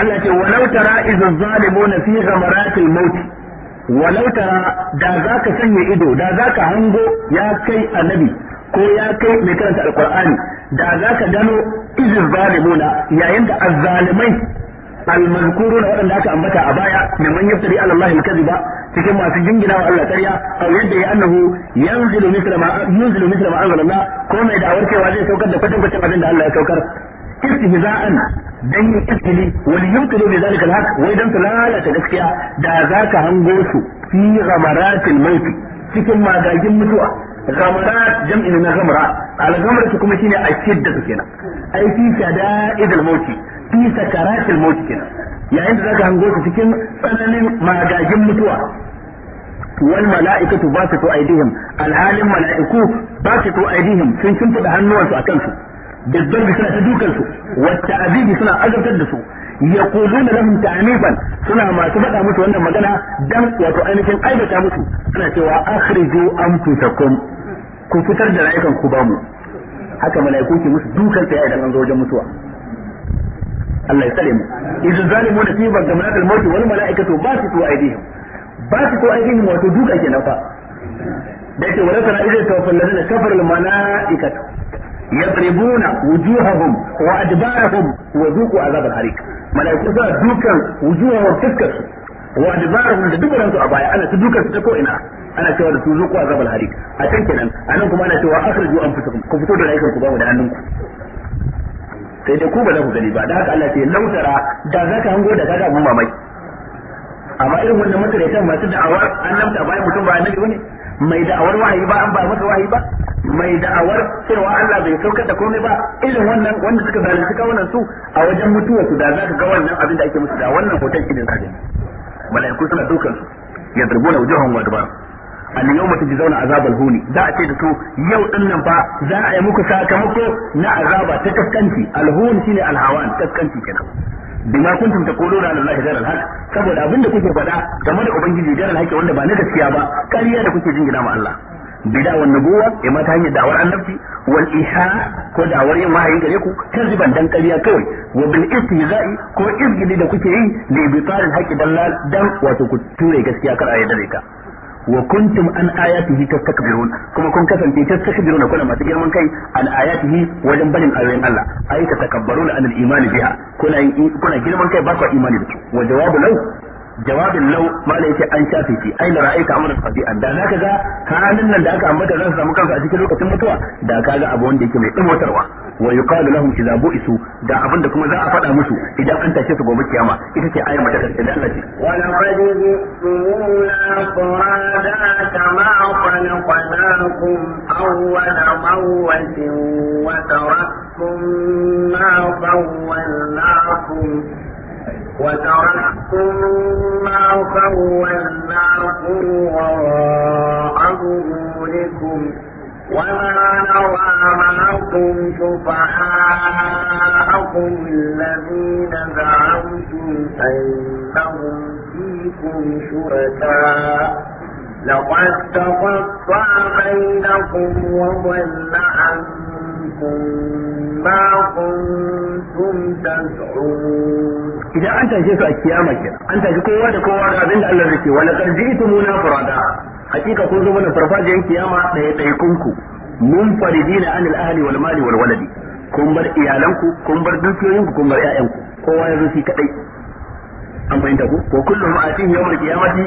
Allah ce walau tara izu zalimuna fi ghamaratil maut walau tara da zaka sanya ido da zaka hango ya kai annabi ko ya kai mai karanta alqur'ani da zaka gano izu zalimuna yayin da azzalimai المذكورون waɗanda aka amata a baya mimman yaftari ala Allah al-kadhiba cikin masu jingina wa Allah ƙarya aw yadda ya annahu yanzilu misla ma yunzilu misla ma anzala Allah ko mai da'awar cewa zai saukar da kwatan kwatan abin da Allah ya saukar istihza'an dan yin istihli wal yumkilu bi zalika al-haq wa idan su lalata gaskiya da zaka hango su fi ghamaratil maut cikin magagin mutuwa غمرات جمع من غمرة الغمرة كما شيني أشدة كنا أي في شدائد الموت fi sakaratil maut kenan yayin da zaka hango su cikin tsananin magajin mutuwa wal malaikatu ba su to alhalin malaiku ba su to aidihim sun shimfiɗa hannuwansu a kansu da zargi suna ta dukan su wata suna azabtar da su ya na da lahun suna masu faɗa musu wannan magana dan wato ainihin aibata musu Ana cewa akhrijo an fitakun ku fitar da rayukan ku ba haka malaiku ke musu dukan ta yayin an zo wajen mutuwa Allah ya tsare mu idan zalimu da fi ban gamana da mauti wal malaikatu ba su tuwa aidihim ba su tuwa aidihim wato duka kenan fa da yake wala kana idan tawaffal ladina kafara al malaikatu yadribuna wujuhahum wa adbarahum wa zuqu azab al hariq malaiku za dukan wujuhahum fiskar su wa adbarahum da dubaran su a baya ana ta dukan su ta ko ina ana cewa da su zuqu azab al hariq a can kenan anan kuma ana cewa akhrijoo anfusakum ku fito da rayukan ku ba mu da hannunku sai dai ku ba za ku gani ba da haka Allah ce lautara da za ka hango da kaga mun mamaki amma irin wannan makarantar masu da'awar lamta bayan mutum ba annabi bane mai da'awar wahayi ba an ba masa wahayi ba mai da'awar cewa Allah bai saukar da komai ba irin wannan wanda suka zalunci kawunan su a wajen mutuwa su da za ka ga wannan abin da ake musu da wannan hoton kidin sa ne mala'iku suna dukan su yadrubuna wujuhum wa ba. al-yawma zauna azabal huni za a ce da to yau din nan fa za a yi muku sakamako na azaba ta kaskanci al-hun shine al-hawan kaskanci bima kuntum taquluna ala allahi saboda abin da kuke faɗa game da ubangiji ghayra al wanda ba na gaskiya ba kariya da kuke jingina ma Allah bida wa nubuwa ya mata hanyar da'awar annabci wal isha ko da'awar yin wahayi gare ku ziban dan kariya kawai wa bil istihza'i ko izgili da kuke yi li bitaril haqqi dallal dan wato ku ture gaskiya kar a yadda ka wa kuntum an ayatihi tastakbirun kuma kun kasance tastakbiruna kuna masu girman kai an ayatihi wajen barin ayoyin Allah ay takabbaruna an al-iman biha kuna kuna girman kai ba ku imani da su wa jawabu lau jawabin lau malai yake an shafe shi aina ra'ayka amran fadi'an da zaka ga halin nan da aka ambata zan samu kansa a cikin lokacin mutuwa da kaga abu wanda yake mai dumotarwa wa yuqalu lahum idza bu'isu da abin da kuma za a faɗa musu idan an tashe su gobe kiyama ita ce ayar mata da Allah ce wa laqad ji'tumuna farada kama khalaqnakum awwala marratin wa taraktum ma khawwalnakum وتركتم ما خولناكم وراء ظهوركم وما نرى معكم شفعاءكم الذين زعمتم أنهم فيكم شركاء لقد تقطع بينكم وضل عنكم ما idan an tashe su a kiyama kenan an tashi kowa da kowa da abinda Allah zai ce wala qad ji'tumuna furada hakika kun zo mana farfajiyan kiyama daya daya kunku mun faridina anil ahali wal mali wal waladi kun bar iyalanku kun bar dukiyoyinku kun bar ƴaƴanku kowa ya zo shi kadai an fahimta ku ko kullum ma atin kiyama qiyamati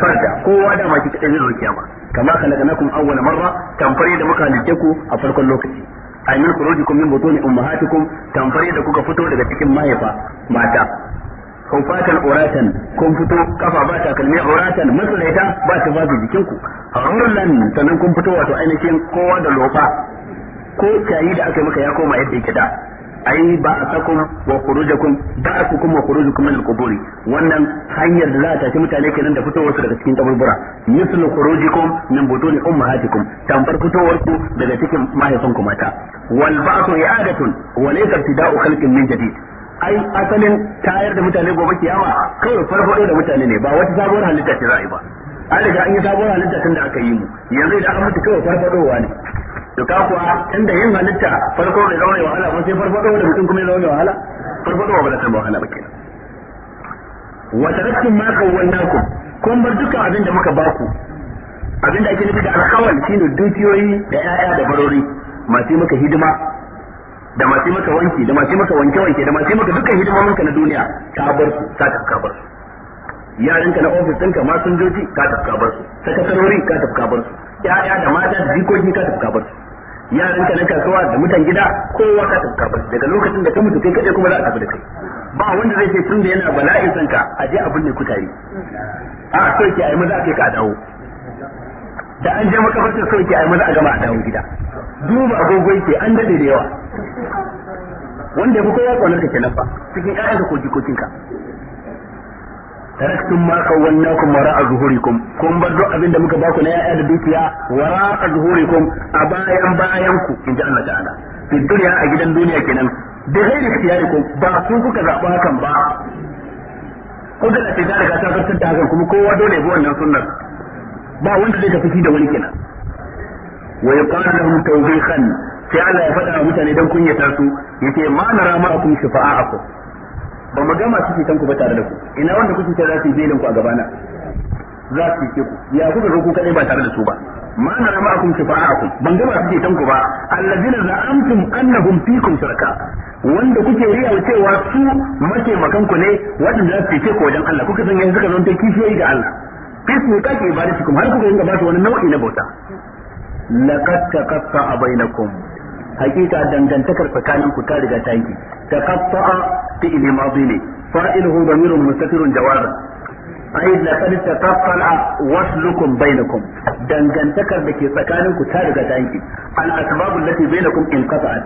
farda kowa da ma shi kadai zai zo kiyama kama na khalaqnakum awwala marra kamfare da muka halitte ku a farkon lokaci ay min khurujikum min butuni ummahatikum tamfare da kuka fito daga cikin mahaifa mata kufatan uratan kun fito kafa ba takalmi uratan matsala'ita ba ta ba jikinku hurlan sannan kun fito wato ainihin kowa da lofa ko kayi da aka maka ya koma yadda yake da ai ba asakum wa khurujakum wa khurujukum min al-qubur wannan hanyar da za ta tafi mutane kenan da fitowar su daga cikin kaburbura mislu khurujikum min butuni ummahatikum tamfar fitowar ku daga cikin mahaifanku mata wal ba'thu i'adatun wa min ai asalin tayar da mutane gobe kiyama kawai farfado da mutane ne ba wata sabuwar halitta ce za ba an riga an yi sabuwar halitta tun da aka yi mu yanzu idan aka mutu kawai farfadowa ne to ka kuwa tunda yin halitta farko bai zama wahala ba sai farfado da mutum kuma ya zama wahala farfado ba da tamba wahala ba kenan wa taraktum ma ku kun bar dukkan abin da muka baku abin da ake nufi da alkawal shine dukiyoyi da ƴaƴa da barori masu maka hidima da masu maka wanki da masu maka wanke wanke da masu maka dukkan hidimomin ka na duniya ka bar su ka tafka bar su yaran ka na ofis ɗinka ma sun joji ka tafka bar su sakatarori ka tafka bar su ƴaƴa da mata da jikoki ka tafka bar su yaran ka na kasuwa da mutan gida kowa ka tafka ba daga lokacin da ka mutu kai kaɗai kuma za a tafi da kai ba wanda zai ce tun da yana bala'in sanka ka a je abin ne kutare a so ki ayi maza a ka dawo da an je makabarta so ki yi maza a gama a dawo gida duba agogo yake an dade da yawa wanda ya fi kowa kaunar ka kenan fa cikin ƴaƴanka ko jikokinka taraktum ma kawwannakum wara'a zuhurikum kun bar duk abin da muka baku na ya'ya da dukiya wara'a zuhurikum a bayan bayan ku inji Allah ta'ala fi dunya a gidan duniya kenan da ghairi ikhtiyarikum ba ku kuka zaba hakan ba kudura ce ta riga ta zartar da hakan kuma kowa dole ya bi wannan sunnar ba wanda zai tafi da wani kenan wa yaqulu lahum tawbihan sai Allah ya faɗa wa mutane dan kunyata su yace ma nara ma'akum shufa'a'akum ba mu gama su cutan ku ba tare da ku ina wanda kuke ta za su yi ku a gabana za su yi ku ya kuka zo ku kadai ba tare da su ba ma ana rama fara shafa'akum ban gama su cutan ku ba allazina za'amtum annahum fikum shuraka wanda kuke riya cewa su mace makan ku ne wanda za su ce ku wajen Allah kuka san yanzu suka zonta kishiyoyi da Allah kismi kake ibadatukum har kuka ba su wani nau'i na bauta laqad taqatta'a bainakum hakika dangantakar tsakanin ku ta riga ta kafa'a taqatta'a fi'l madi ne fa'iluhu damirun mustatirun jawazan ai laqad taqatta'a waslukum bainakum dangantakar da ke tsakanin ku ta riga ta yanke al asbabul lati bainakum inqata'at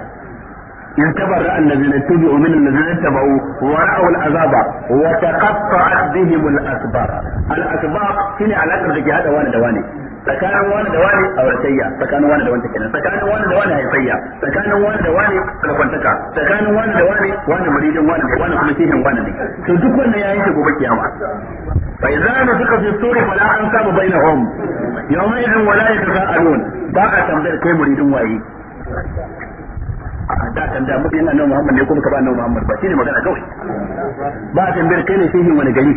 إن تبرأ الذين اتبعوا من الذين اتبعوا ورأوا العذاب وتقطعت بهم الأسباب الأسباب da على أكثر جهاد وانا دواني tsakanin wani da wani auratayya tsakanin wani da wani kenan tsakanin wani da wani haifayya tsakanin wani da wani kwantaka tsakanin wani da wani wani muridin wani da wani kuma shehin wani ne to duk wannan yayin shi gobe kiyama fa idza nufika fi suri fala ansabu bainahum yawma idhin wala yatafa'alun ba a tambayar kai muridin waye da kan da mutum yana nan Muhammad ne kuma ka ba nan Muhammad ba shine magana kawai ba tambayar kai ne shehin wani gari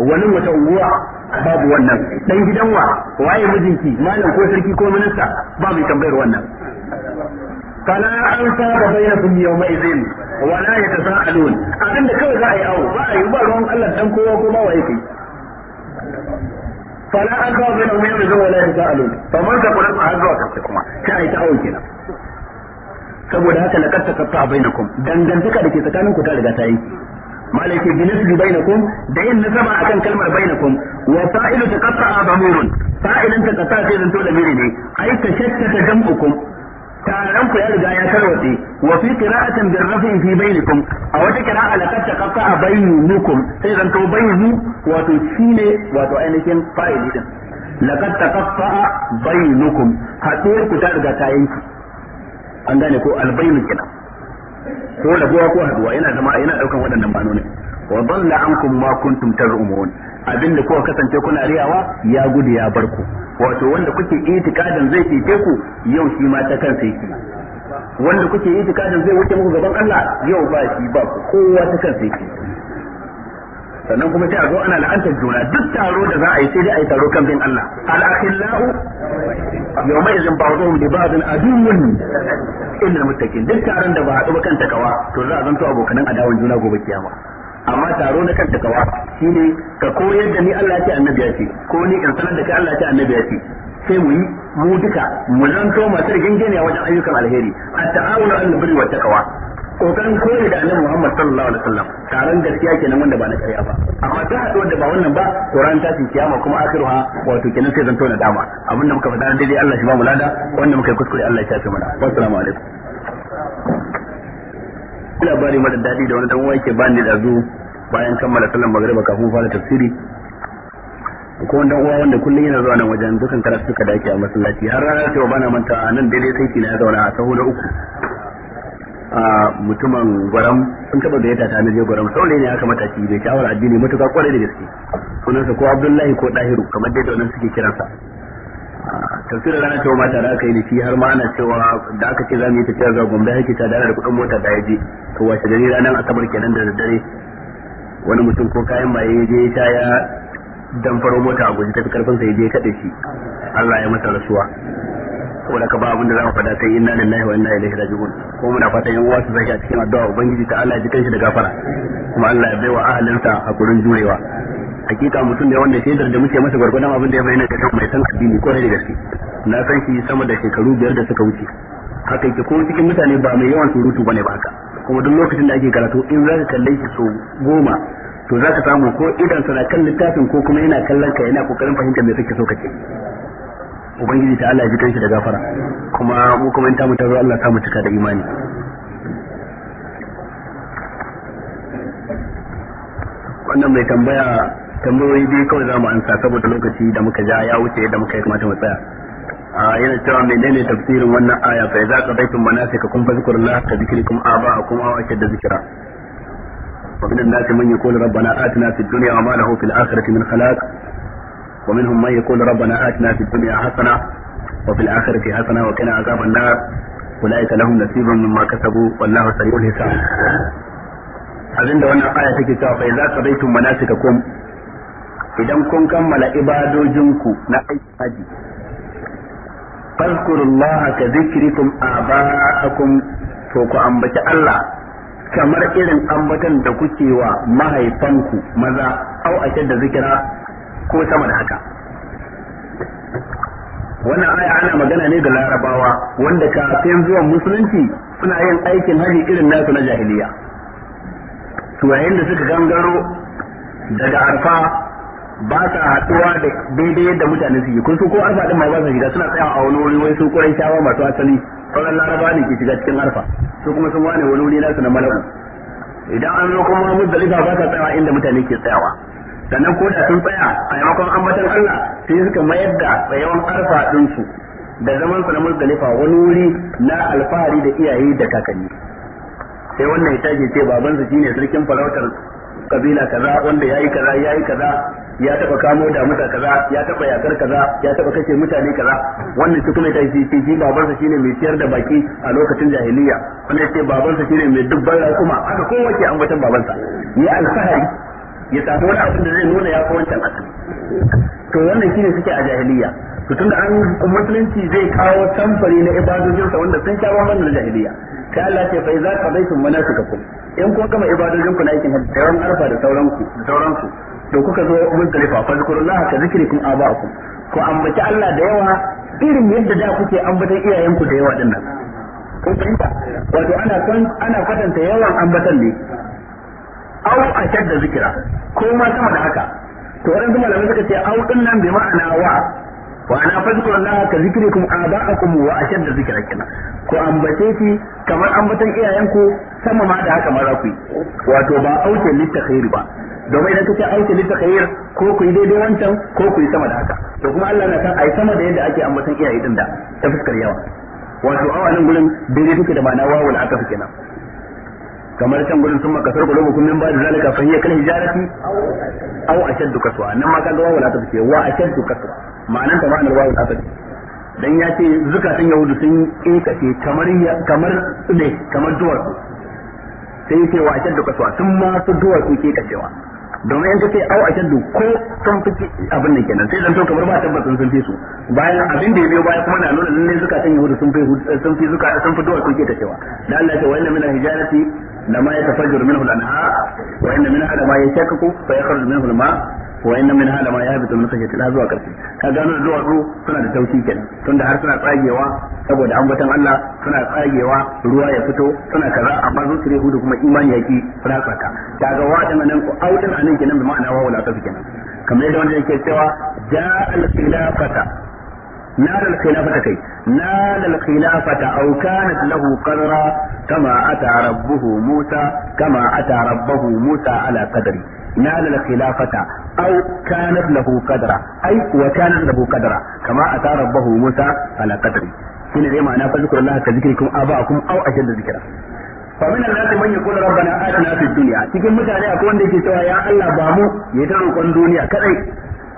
wani wata unguwa babu wannan dan gidan wa waye mijinki malam ko sarki ko minista babu tambayar wannan kana an sa da bayyana kun yau idin wala yatasaalun abin da kawai za a yi awo ba a yi ba ruwan Allah dan kowa ko ba waye kai fala an ka bayyana mu yau wala yatasaalun to mun ka kula ma hazuwa ka kuma ta yi ta awo kenan saboda haka na lakatta kafta bainakum dangantaka da ke tsakaninku ta riga ta yi malai ce bi nasbi bainakum da yin nasaba akan kalmar bainakum wa fa'ilu taqatta'a damirun fa'ilan taqatta'a sai zanto damiri ne ai ta shakkata jam'ukum taron ku ya riga ya tarwatse wa fi qira'atin bir rafin fi bainakum a wata qira'a laqad taqatta'a bainukum sai zanto bainu wato shine wato ainihin fa'ili din laqad taqatta'a bainukum haɗuwar ku ta riga ta yanki an gane ko albaynu kenan ko rabuwa ko haduwa yana zama yana daukan waɗannan ma'anoni wa dalla ankum ma kuntum tar'umun abinda kuka kasance kuna riyawa ya gudu ya barku wato wanda kuke itikadin zai fice ku yau shi ma ta kansa yake wanda kuke itikadin zai wuce muku gaban Allah yau ba shi ba kowa ta kansa yake sannan kuma sai a zo ana la'antar juna duk taro da za a yi sai dai a yi taro kan bin Allah al akhillahu yawma idhin ba'dhum li ba'dhin aduwwun illa al muttaqin duk taron da ba haɗu kan takawa to za a zanto abokanan adawan juna gobe kiyama amma taro na kan takawa shine ka koyar da ni Allah ya ce annabi ya ce ko ni in sanar da kai Allah ya ce annabi ya ce sai mu yi mu duka mu zanto masu rigingeniya wajen ayyukan alheri a ta'awunu al birri wa taqwa kokarin koyar da annabi Muhammad sallallahu alaihi wasallam taron gaskiya kenan wanda ba na ƙarya ba amma ta haɗu wanda ba wannan ba to ran ta ci kiyama kuma akhiruha wato kenan sai zanto na dama abin da muka faɗa daidai Allah shi ba mu lada wanda muka yi kuskure Allah ya tafi mana assalamu alaikum labari mara daɗi da wani dan uwa yake bani da zu bayan kammala sallar magriba kafin fara tafsiri ko wanda uwa wanda kullum yana zuwa nan wajen dukan karatu suka dace a masallaci har rana cewa bana manta nan daidai sai kina zauna a sahu na uku mutumin gwaram sun taba da yata ta na je gwaram saurayi ne aka mataki bai shawar addini matuka kwarai da gaske sunansa ko abdullahi ko dahiru kamar dai da wannan suke kiransa tafsirin rana cewa mata da aka yi da shi har ma ana cewa da aka ce za mu yi tafiya ga gombe haki ta dara da kuɗin mota da ya je to wace gani ranar asabar kenan da daddare wani mutum ko kayan maye ya je ta ya damfaro mota a guji tafi karfin sa ya je kaɗe shi Allah ya masa rasuwa saboda ba abin da za mu faɗa kai inna lillahi wa inna ilaihi raji'un ko muna fatan yan uwa su zaki a cikin addu'a ubangiji ta Allah ya ji kanshi da gafara kuma Allah ya baiwa ahalinsa hakurin jurewa hakika mutum ne wanda shaidar da muke masa gwargwadon abin da ya bayyana da mai san addini ko da gaske na san shi sama da shekaru biyar da suka wuce haka yake ko cikin mutane ba mai yawan surutu bane ba haka kuma duk lokacin da ake karatu in za ka kalle shi so goma to za ka samu ko idan sana kan littafin ko kuma yana kallon ka yana kokarin fahimtar me suke so kake ubangiji ta Allah ya ji kanshi da gafara kuma mu kuma in ta mu tazo Allah ta mu cika da imani wannan mai tambaya tambayoyi biyu kawai za mu ansa saboda lokaci da muka ja ya wuce da muka yi kamata mu tsaya a yana cewa menene tafsirin wannan aya fa idza qadaytum manasikakum fadhkurullah ka Allah dhikrikum aba'akum aw ashadda dhikra wa min an-nasi man yaqulu rabbana atina fid dunya wa ma lahu fil akhirati min khalaq ومنهم من يقول ربنا آتنا في الدنيا حسنة وفي الآخرة حسنة وقنا عذاب النار أولئك لهم نصيب مما كسبوا والله سريع الحساب abinda wannan aya take cewa fa idza qadaytum manasikakum idan kun kammala ibadojinku na aikin haji ka zikrikum aba'akum to ku ambaci Allah kamar irin ambatan da kuke wa mahaifanku maza au ake da zikira ko sama da haka wannan aya ana magana ne ga larabawa wanda kafin zuwan musulunci suna yin aikin haji irin nasu na jahiliya to yayin da suka gangaro daga arfa ba sa haɗuwa da daidai yadda mutane su yi kun su ko arfa din ma ba shiga suna tsayawa a wani wuri wai su kurai shawa masu asali sauran laraba ne ke shiga cikin arfa su kuma sun wane wani wuri nasu na malamu idan an zo kuma muzdalifa ba sa tsayawa inda mutane ke tsayawa sannan ko da sun tsaya a yamakon ambatan Allah sai suka mayar da tsayawan arfa ɗinsu da zaman su na muzdalifa wani wuri na alfahari da iyaye da kakanni sai wannan ya tage ce baban su shine sarkin farautar kabila kaza wanda yayi kaza yayi kaza ya taba kamo da muta kaza ya taba yakar kaza ya taba kace mutane kaza wannan shi kuma ya tashi shi baban sa shine mai ciyar da baki a lokacin jahiliya wannan ce baban sa shine mai dubban rakuma haka kowa ke ambaton baban sa ya alfahari ya samu wani abin da zai nuna ya fi wancan asali to wannan shine suke a jahiliya to tunda an musulunci zai kawo samfari na ibadojinsa wanda sun sha wannan da jahiliya sai Allah ce fa idza qadaytum manasikakum in kun gama ibadojinku na aikin hajji da arfa da ku. da sauranku to kuka zo muzdalifa fa zkurullaha ka zikrikum aba'akum ku ambaci Allah da yawa irin yadda da kuke ambatan iyayenku da yawa dinnan ko fahimta wato ana ana kwatanta yawan ambatan ne au a da zikira ko ma sama da haka to waɗansu malamai suka ce au din nan bi ma'ana wa wa ana fadkuru Allah ka zikrikum aba'akum wa ashadda zikra kina ko ambace ki kamar ambatan iyayenku sama ma da haka ma za ku wato ba auke littakhir ba domin idan kace auke littakhir ko ku yi daidai wancan ko ku yi sama da haka to kuma Allah na san ai sama da yadda ake ambatan iyaye din da ta fuskar yawa wato awanin gurin daidai take da ma'ana wawul aka fi kenan kamar can gudun sun makasar kulubu kun min ba'da zalika fa hiya kal hijarati aw ashaddu kaswa nan ma kaga wawa la ta ce wa ashaddu kaswa ma'anan ta ma'anar wawa la ta ce dan ya ce zukatan yahudu sun kekace kamar kamar ne kamar duwar sai ya ce wa ashaddu kaswa sun ma su duwar su kekacewa domin in kace aw ashaddu ko sun fi abin nan kenan sai zan to kamar ba tabbacin sun fi su bayan abin da ya biyo bayan kuma na nuna ne zukatan yahudu sun fi sun fi zuka sun fi duwar su kekacewa dan Allah ya ce wa inna min al-hijarati لما يتفجر منه الانهار وان منها لما يشكك فيخرج منه الماء وان منها لما يهبط من الله zuwa karshe suna da taushi kenan tunda har suna tsagewa saboda ambaton Allah suna tsagewa ruwa ya fito suna kaza amma kuma imani yake rasaka kaga wadan nan ko audin anan kenan bi ma'ana wa kamar yadda wanda yake نال الخلافة كي نال الخلافة أو كانت له قدرا كما أتى ربه موسى كما أتى ربه موسى على قدري نال الخلافة أو كانت له قدرا أي وكانت له قدرا كما أتى ربه موسى على قدري هنا زي ما أنا فذكر الله كذكركم أباكم أو أشد ذكرا فمن الناس من يقول ربنا آتنا في الدنيا cikin mutane akwai كون yake سوايا ya بامو ba كون دنيا ta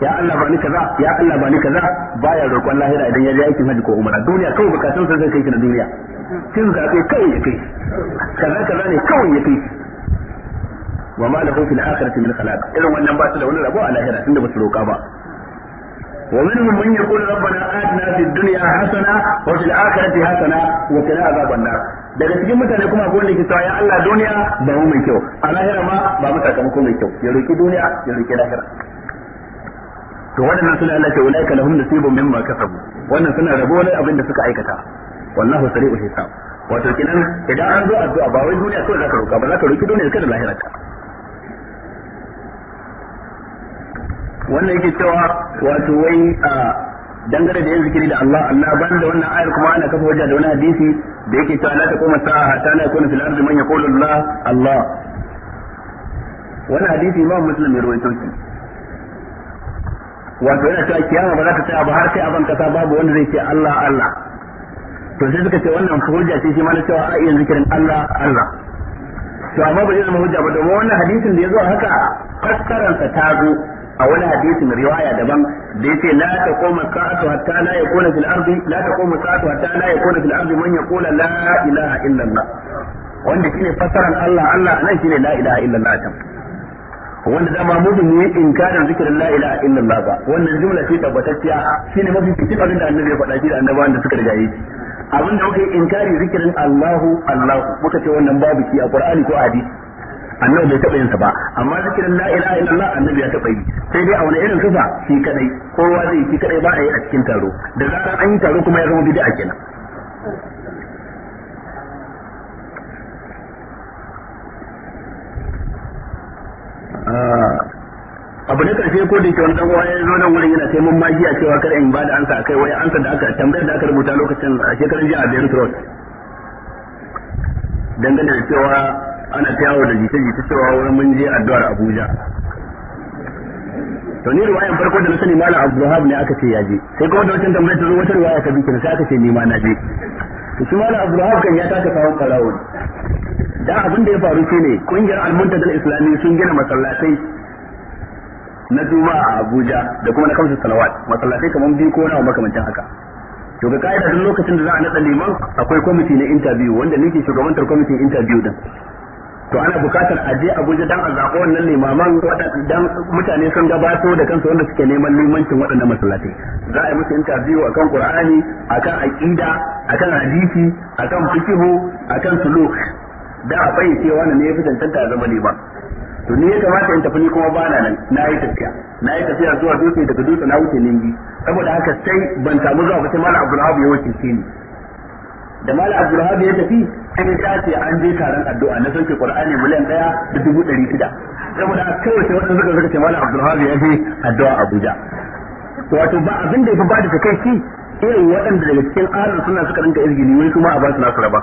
ya Allah ba ni kaza ya Allah ba ni kaza baya roƙon lahira idan ya ji aikin hajji ko umara duniya kawai bukatun san zai kai na duniya kin zaɓe kawai ya kai kaza kaza ne kawai ya kai wa ma lahu fil akhirati min khalaq irin wannan ba su da wani rabo a lahira tunda ba su roƙa ba ومنهم rabbana atina fid dunya hasana wa fil akhirati hasana wa qina عذاب nar daga cikin mutane kuma ko wanda ke cewa ya Allah duniya ba mu mai kyau a lahira ma ba mu sakamako mai kyau ya roki duniya ya roki lahira to waɗannan suna Allah ce ulaika lahum nasibun mimma kasabu wannan suna rabo wani abin da suka aikata wallahu sari'ul hisab wato kinan idan an zo addu'a ba wai duniya kawai zaka roka ba zaka roki duniya kada lahira ta wannan yake cewa wato wai a dangane da yin zikiri da Allah Allah ban da wannan ayar kuma ana kafa wajen da wani hadisi da yake cewa la taquma sa'a ta na yakuna fil ardi man yaqulu Allah Allah wannan hadisi Imam Muslim ya rawaito shi wato yana cewa kiyama ba za ta tsaya ba har sai a ban kasa babu wanda zai ce Allah Allah to sai suka ce wannan hujja ce shi ma na cewa a iya zikirin Allah Allah to amma ba zai zama hujja ba domin wannan hadisin da ya zo haka fassaransa ta zo a wani hadisin riwaya daban da yace la taqumu sa'atu hatta la yakuna fil ardi la taqumu sa'atu hatta la yakuna fil ardi man yaqula la ilaha illa Allah wanda shine fassaran Allah Allah nan shine la ilaha illa Allah wanda dama mudin ne kada zikirin la ilaha illallah ba wannan jumla ce tabbatacciya shine mafi cikin abin da annabi ya faɗa shi da annabawan da suka riga yi abin da muka in inkari zikirin Allahu Allahu muka ce wannan babu ki a Qur'ani ko hadisi annabi bai taɓa yin sa ba amma zikirin la ilaha illallah annabi ya taɓa yi sai dai a wani irin sufa shi kadai kowa zai shi kadai ba a yi a cikin taro da zaran an yi taro kuma ya zama bid'a kenan Ah, abu na karshe ko da ke wani dan uwa ya zo nan wurin yana taimakon mun magiya cewa kar in bada ansa akai wai ansa da aka tambayar da aka rubuta lokacin a shekarun jiya a Beirut Road dangane da cewa ana ta yawo da jita-jita cewa wani mun je addu'ar Abuja to ni ruwayan farko da na sani malam Abdulhab ne aka ce ya je sai kuma da wata tambayar da zo wata ruwaya ta bikin sai aka ce ni ma na je to shi malam Abdulhab kan ya taka kawo karawo da abin da ya faru shi ne kungiyar almunta da islami sun gina masallatai na juma'a a abuja da kuma na kamsu salawat masallatai kamar biyu ko wani makamancin haka to ga ka'ida duk lokacin da za a naɗa liman akwai kwamiti na interview wanda nake shugabantar kwamitin interview din to ana bukatar a je abuja dan a zaɓo wannan limaman dan mutane sun gabato da kansu wanda suke neman limancin waɗannan masallatai za a yi musu interview akan qur'ani akan aqida akan hadisi akan fiqh akan suluk da a fayyace wannan ne ya fi cancanta a zamani ba. to ni ya kamata in tafi ni kuma ba na nan na yi tafiya na yi tafiya zuwa dutse daga dutse na wuce ningi saboda haka sai ban samu zuwa ba sai malam abdulhabu ya wakilce ni da mala abdulhabu ya tafi sai ya dace an je taron addu'a na sauke qur'ani miliyan ɗaya da dubu ɗari shida saboda kawai sai waɗanda suka suka ce mala abdulhabu ya je addu'a abuja wato ba abin da ya fi ba da shi irin waɗanda daga cikin arar suna suka rinka izgili wani kuma a ba su nasu raba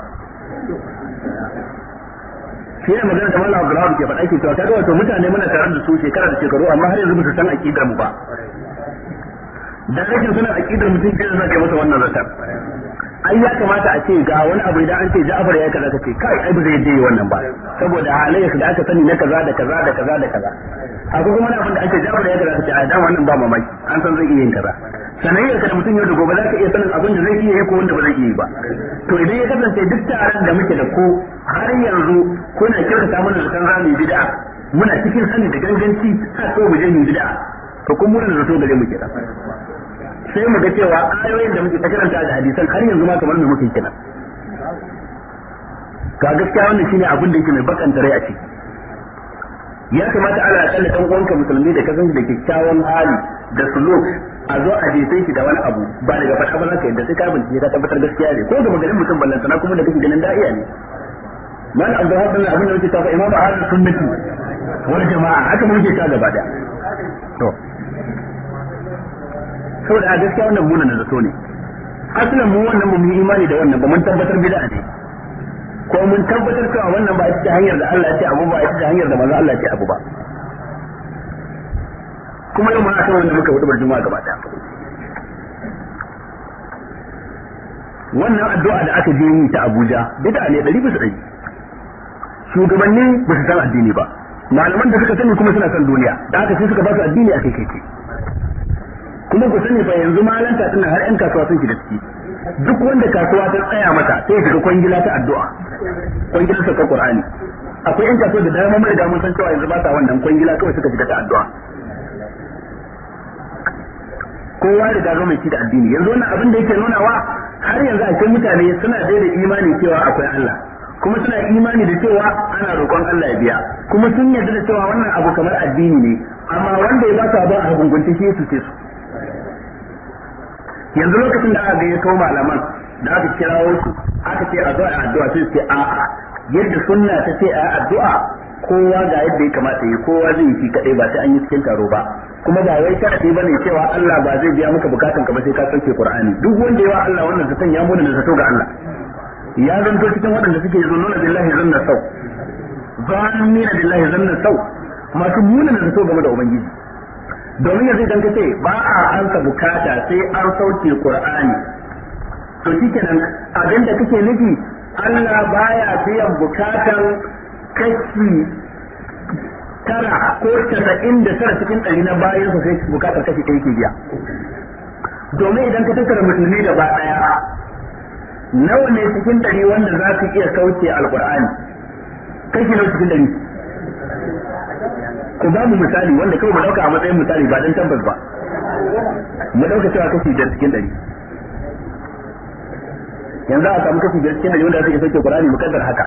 sai ne magana kamar Abu da ke faɗa ke cewa ta wato mutane muna tare da su shekara da shekaru amma har yanzu musu san aƙidar mu ba dan rashin sanin aqidar mutum ke zaka masa wannan zata. ai ya kamata a ce ga wani abu idan an ce Ja'far ya kaza kace kai ai ba zai je wannan ba saboda halayyar da aka sani na kaza da kaza da kaza da kaza akwai kuma abin da ake Ja'far ya kaza kace a dan wannan ba mamaki an san zai iya yin kaza sanayyar ka mutum yau da gobe za ka iya sanin abin da zai iya yi ko wanda ba zai iya yi ba to idan ya kasance duk taron da muke da ko har yanzu kuna kirkata mana da za zamu bid'a muna cikin hannu da ganganci ta so mu je mu bid'a to kun mun zato gare mu kira sai mu ga cewa ayoyin da muke ta karanta da hadisan har yanzu ma kamar me muke kenan ga gaskiya wannan shine abin da yake mai bakanta rai a ciki ya kamata ana tsalla ɗan uwanka musulmi da kasan da kyakkyawan hali da suluk a zo a sai shi da wani abu ba daga fata ba za ka yadda sai ka bincike ka tabbatar gaskiya ne ko ga magarin mutum ballantana kuma da kake ganin da'iya ne man abu haɗin abin da muke kafa imamu ahalin sunnati wani jama'a haka muke ka gaba da to saboda a gaskiya wannan muna na zato ne asalin mu wannan mu yi imani da wannan ba mun tabbatar bid'a ne ko mun tabbatar cewa wannan ba ita hanyar da Allah ya ce abu ba ita hanyar da manzo Allah ya ce abu ba kuma yau mun akan wanda muka hudu juma'a gaba daya wannan addu'a da aka je yi ta Abuja bid'a ne 100% shugabanni ba su san addini ba malaman da suka sani kuma suna san duniya da haka sai suka ba su addini a kai kai kuma ku sani fa yanzu malanta tana har yan kasuwa sun shiga ciki duk wanda kasuwa ta tsaya mata sai ya shiga kwangila ta addu'a kwangila ta Qur'ani akwai yan kasuwa da dama mai da mun san cewa yanzu ba sa wannan kwangila kawai suka shiga ta addu'a kowa da gaba mai ci da addini yanzu wannan abin da yake nunawa har yanzu akwai mutane suna da imani cewa akwai Allah kuma suna imani da cewa ana roƙon Allah ya biya kuma sun yarda da cewa wannan abu kamar addini ne amma wanda ya ba su abin a hukungunta shi su su yanzu lokacin da aka gayyato malaman da aka kirawo su aka ce a zo a addu'a sai ce a'a yadda sunna ta ce a addu'a kowa ga yadda ya kamata yi kowa zai yi shi kadai ba sai an yi cikin taro ba kuma ba wai ka ba ne cewa Allah ba zai biya maka bukatun ka ba sai ka sauke Qur'ani duk wanda ya wa Allah wannan zaton ya muna da zato ga Allah ya zanto cikin waɗanda suke zunnuna billahi zanna sau zannina billahi zanna sau masu muna da zato game da ubangiji domin yanzu idan ka ce ba a ansa bukata sai an sauke qur'ani to shikenan abin da kake nufi Allah baya biyan bukatan kashi tara ko tasa'in da tara cikin ɗari na bayan su sai bukatar kashi ɗaya ke biya domin idan ka tattara musulmi ba ɗaya nawa ne cikin dari wanda za ka iya kauce alqur'ani kashi nawa cikin dari ku ba mu misali wanda kawai mu dauka a matsayin misali ba dan tabbas ba mu dauka cewa kashi da cikin dari yanzu a samu kashi da cikin dari wanda za su iya sauke mu kaddar haka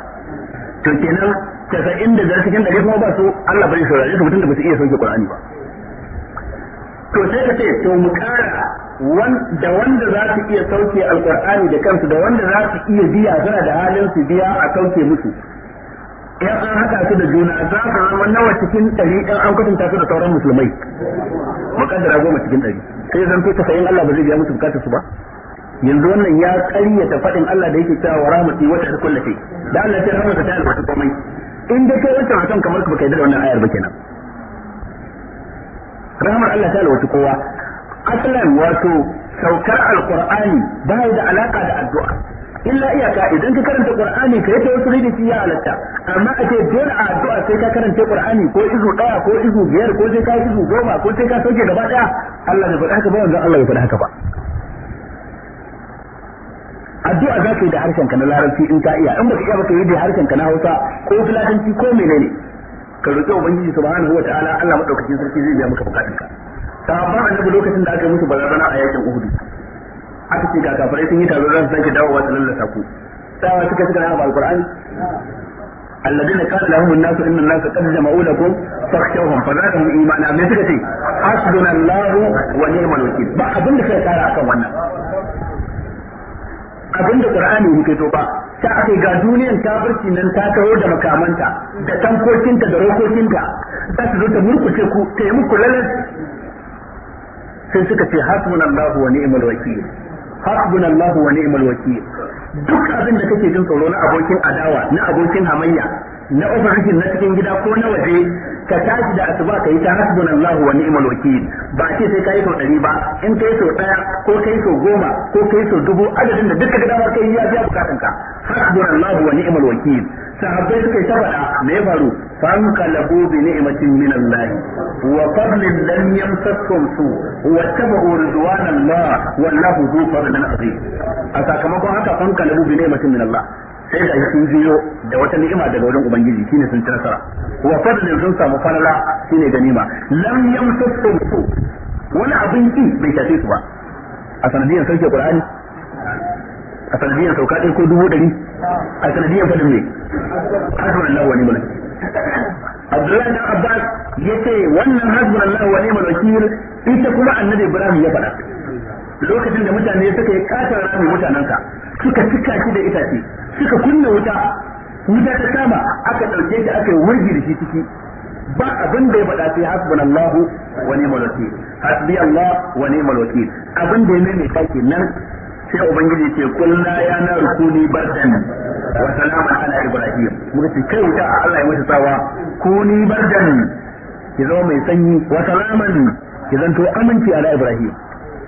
to kenan casa'in da biyar cikin dari kuma ba su Allah bari saurare su mutum da ba su iya sauke qur'ani ba to sai ka ce to mu kara da wanda za su iya sauke alkur'ani da kansu da wanda za su iya biya suna da halin su biya a sauke musu in an haka su da juna za su zama nawa cikin ɗari in an kwatanta su da sauran musulmai mukaddara goma cikin ɗari sai zan fi tafayin Allah ba zai biya musu bukatar su ba yanzu wannan ya ƙaryata faɗin Allah da yake cewa rahmati wata ta kullace da Allah ta rahmata ta alwata komai in dai kai wancan hakan kamar ka baka yi da wannan ayar ba kenan rahmar Allah ta alwata kowa aslan wato saukar alkur'ani ba da alaka da addu'a illa iyaka idan ka karanta qur'ani kai ta wasu da ya halatta amma a ce dole a addu'a sai ka karanta qur'ani ko izu daya ko izu biyar ko sai ka izu goma ko sai ka sauke gaba daya Allah ya faɗa haka ba wanda Allah ya faɗa haka ba addu'a za ka yi da harshen ka na larabci in ka iya in baka iya baka yi da harshen ka na Hausa ko filatanci ko menene ka roƙi ubangiji subhanahu wataala Allah madaukakin sarki zai biya maka bukatunka a annabi lokacin da aka yi musu barazana a yakin uhudu aka ce ga sun yi taron ran sake dawowa su lallasa ku sawa suka suka na alqur'ani الذين قال لهم الناس ان الناس قد جمعوا لكم فاخشوهم فزادهم imana me suka ce hasbuna Allah wa ni'mal wakil ba abin da kai kara akan wannan abin da qur'ani yake to ba ta aka ga duniyan kafirci nan ta kawo da makamanta da tankokinta da rokokinta za su zo ta murkushe ku ta yi muku lalas sai suka ce hasbunallahu wa ni'mal wakil hasbunallahu wa ni'mal wakil duk abin da kake jin tsoro na abokin adawa na abokin hamayya na ofishin na cikin gida ko na waje ka tashi da asuba ka yi ta hasbunallahu wa ni'mal wakil ba ce sai kai sau ɗari ba in kai sau ɗaya ko kai sau goma ko kai sau dubu adadin da duka gida ma kai ya biya bukatun ka hasbunallahu wa ni'mal wakil sahabbai suka yi ta faɗa me faru fan kalabu bi ni'matin min Allah wa fadlin lam yamsakum su wa tabu ridwan Allah wallahu dhu fadlin azim a sakamakon haka fan kalabu bi ni'matin min Allah sai da sun jiyo da wata ni'ima daga wajen ubangiji shine sun ci nasara wa fadlin sun samu falala shine ganima lam yamsakum su wani abin ki bai shafe su ba a sanadiyar sauke Qur'ani a sanadiyar sauka ɗaya ko dubu ɗari a sanadiyar faɗin ne hasbun Allah wa ni'mal Abdullahi bin Abbas yace wannan hasbun Allah wa ni'mal wakil ita kuma annabi Ibrahim ya faɗa lokacin da mutane suka yi katar rami mutanenka suka cika shi da itace suka kunna wuta wuta ta kama aka ɗauke shi aka yi wurgi da shi ciki ba abin da ya faɗa sai hasbun Allah wa ni'mal wakil hasbi Allah wa ni'mal wakil abin da ya mai mai nan sai ubangiji ce kulla ya naru kuni bardan wa salaman ala ibrahim muka ce kai wuta Allah ya mata tsawa kuni bardan ki zama mai sanyi wa salaman ki zanto aminci ala ibrahim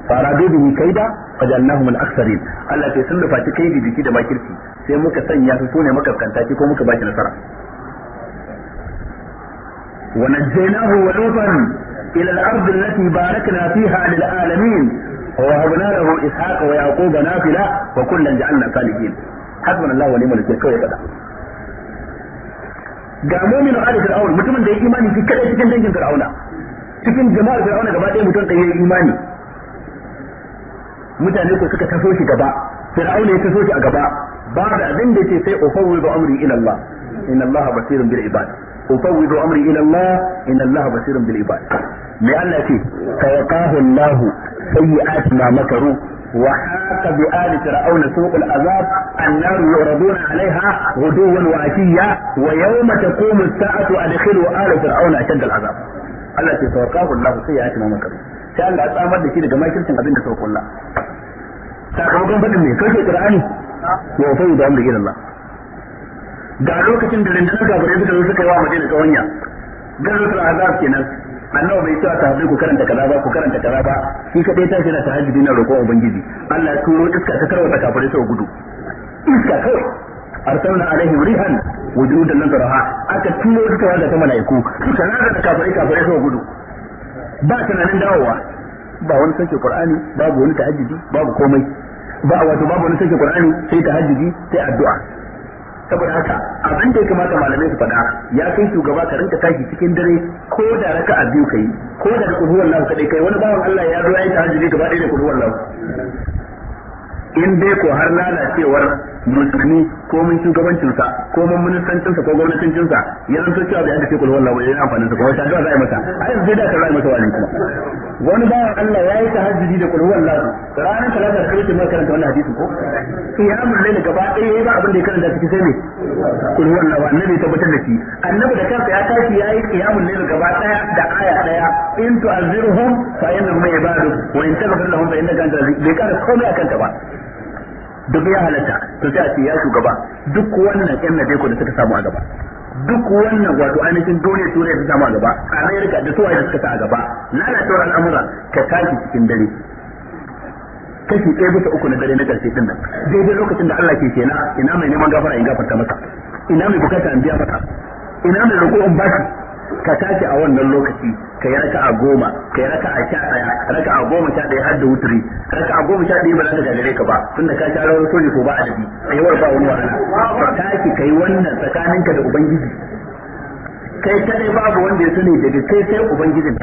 kai bihi kaida fajalnahum al-aktharin Allah ke sun rufa kai da da makirci sai muka sanya su sune makaskanta ko muka baki nasara wa najjaynahu wa lutan ila al-ardi allati barakna fiha lil alamin ووهبنا له إسحاق ويعقوب نافلة وكلا جعلنا صالحين حسبنا الله ونعم الوكيل كوي فدا ga mu'minu ali fir'aun mutumin da ya imani shi kadai cikin dangin fir'auna cikin jama'ar fir'auna gaba ɗaya mutum ɗaya ya imani mutane ko suka taso shi gaba fir'auna ya taso shi a gaba ba da abin da ke sai ufawwidu amri ila Allah inna Allah basirun bil ibad ufawwidu amri ila Allah inna Allah basirun bil ibad me Allah ce tawaqahu Allah sayyi'at ma makaru wa haqa bi ali fir'aun suqul azab annar yuraduna 'alayha ghuduwan wa 'ashiyya wa yawma taqumu as-sa'atu adkhilu ala fir'aun ashad al-azab Allah ce tawaqahu Allah sayyi'at ma makaru sai Allah ya tsamar da shi daga makircin abin da suka kulla sakamakon fadin me kake qur'ani wa fa yudu amri ila Allah Da lokacin da rinjin kafirai suka zo suka yi wa madina kawanya garin azab kenan annabi bai cewa ta ku karanta kaza ba ku karanta kaza ba shi kadai ta shirya tahajjudi na roƙon ubangiji Allah ya turo iska ta ta kafare sau gudu iska kawai arsalna alaihim rihan wujudan nazaraha aka turo iska wanda ta malaiku suka nazara kafare kafare sau gudu ba nan dawowa ba wani sanke qur'ani babu wani tahajjudi babu komai ba wato babu wani sanke qur'ani sai tahajjudi sai addu'a saboda haka abin da ya kamata malamai su faɗa ya kai shugaba ka rinka tashi cikin dare ko da raka a biyu kai ko da kulhu wallahu kadai kai wani bawan Allah ya zo ya yi tahajjudi gaba ɗaya da kulhu wallahu in dai ko har lalacewar musulmi ko mun shugabancinsa ko mun ministancinsa ko gwamnatincinsa ya zanto cewa bai aka ce kulhu wallahi bai amfani sa ko wata da za a yi masa a yanzu da ka za a yi masa wani kuma wani bawan Allah ya yi tahajjudi da kulhu wallahi ranar talata da karshe karanta wannan hadisi ko mun layl gaba ɗaya yayi ba abin da ya karanta cikin sai ne kulhu wallahi annabi tabbatar da shi annabi da kansa ya tashi yayi qiyamul layl gaba ɗaya da aya ɗaya in tu'azzirhum fa innahum ibaduk wa in taghfir lahum fa innaka antal bai kara komai akan ta ba duk ya halatta to sai a ce ya shugaba duk wannan yan najeko da suka samu a gaba duk wannan wato ainihin dole turai ta samu a gaba amerika da suwaye suka sa a gaba lalacewar al'amura ka tashi cikin dare kashi ɗaya bisa uku na dare na ƙarshe din nan daidai lokacin da Allah ke kenan ina mai neman gafara in gafarta masa ina mai bukata in biya masa ina mai roƙo in ka tashi a wannan lokaci ka yi a goma ka yi a sha ɗaya a goma sha ɗaya har da wuturi a goma sha ɗaya ba za ta gagare ka ba tunda ka sha rawar soji ko ba a dabi tsayuwar ba wani wahala ka tashi kai wannan tsakaninka da ubangiji kai dai babu wanda ya sani daga kai sai ubangijin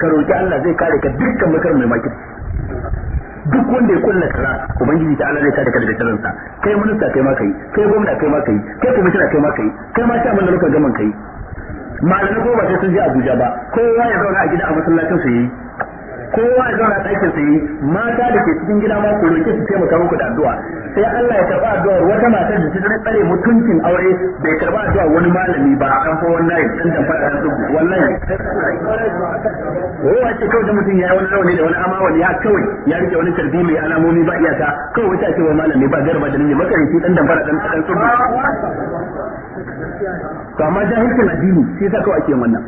ka roki Allah zai kare ka dukkan makar mai makirci duk wanda ya kulla kaza ubangiji ta Allah zai kare ka daga shirinsa kai minista kai ma kai kai gwamna kai ma kai kai kwamishina kai ma kai kai ma sha mun da muka gaman kai malamai ko ba sai sun je Abuja ba kowa ya zauna a gida a masallacin su yi kowa ya zauna ɗakin sa yi mata da ke cikin gida ma ku ke su taimaka muku da addu'a sai Allah ya karba addu'ar wata mata da ta tsare mutuncin aure bai karba addu'a wani malami ba an fa wallahi dan dan fada su wallahi Ko wace kawai da mutum ya yi wani rauni da wani amawan ya kawai ya rike wani tarbi mai alamomi ba iyaka kawai wata ce wa malami ba garba da ne makaranci dan dan fada dan dan su to amma jahilcin addini sai sa kawai ake wannan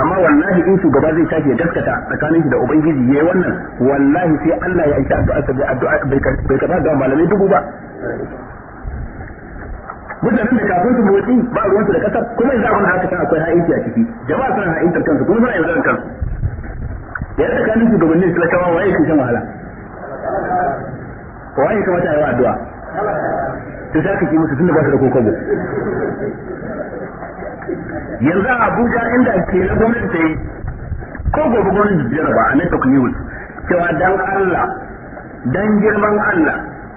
amma wallahi in shugaba zai tashi ya gaskata tsakanin shi da ubangiji yayi wannan wallahi sai Allah ya aika addu'a ta addu'a bai kaba ga malamai dubu ba mutanen da kafin su motsi ba su da kasar kuma yanzu abin haka kan akwai ha'inci a ciki jama'a suna ha'intar kansu kuma suna yaudarar kansu ya tsakanin shugabannin talakawa waye ke shan wahala waye kamata a yi wa addu'a to sai ka ki musu tunda ba su da kokobo yanzu a abuja inda ke na gwamnati ta yi ko gobe gwamnati biyar ba a network news cewa dan allah dan girman allah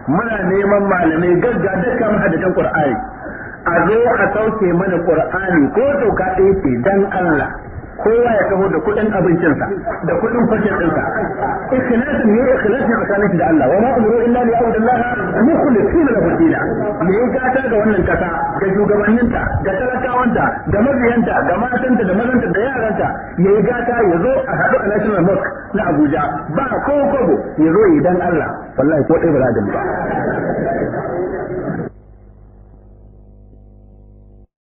muna neman malamai gagga dukkan hadatan qur'ani a zo a sauke mana qur'ani ko sauka ɗaya ce dan allah kowa ya taho da kuɗin abincinsa da kuɗin fashin ɗinsa ikhlasin ne ikhlasin tsakanin da Allah wa ma umru illa li ya'budullaha mukhlishin lahu dina me ya gata ga wannan kasa ga shugabanninta ga talakawanta da mabiyanta da matanta da mazanta da yaranta ya yi gata ya zo a haɗu a National Mosque na Abuja ba ko kobo ya zo idan Allah wallahi ko Ibrahim ba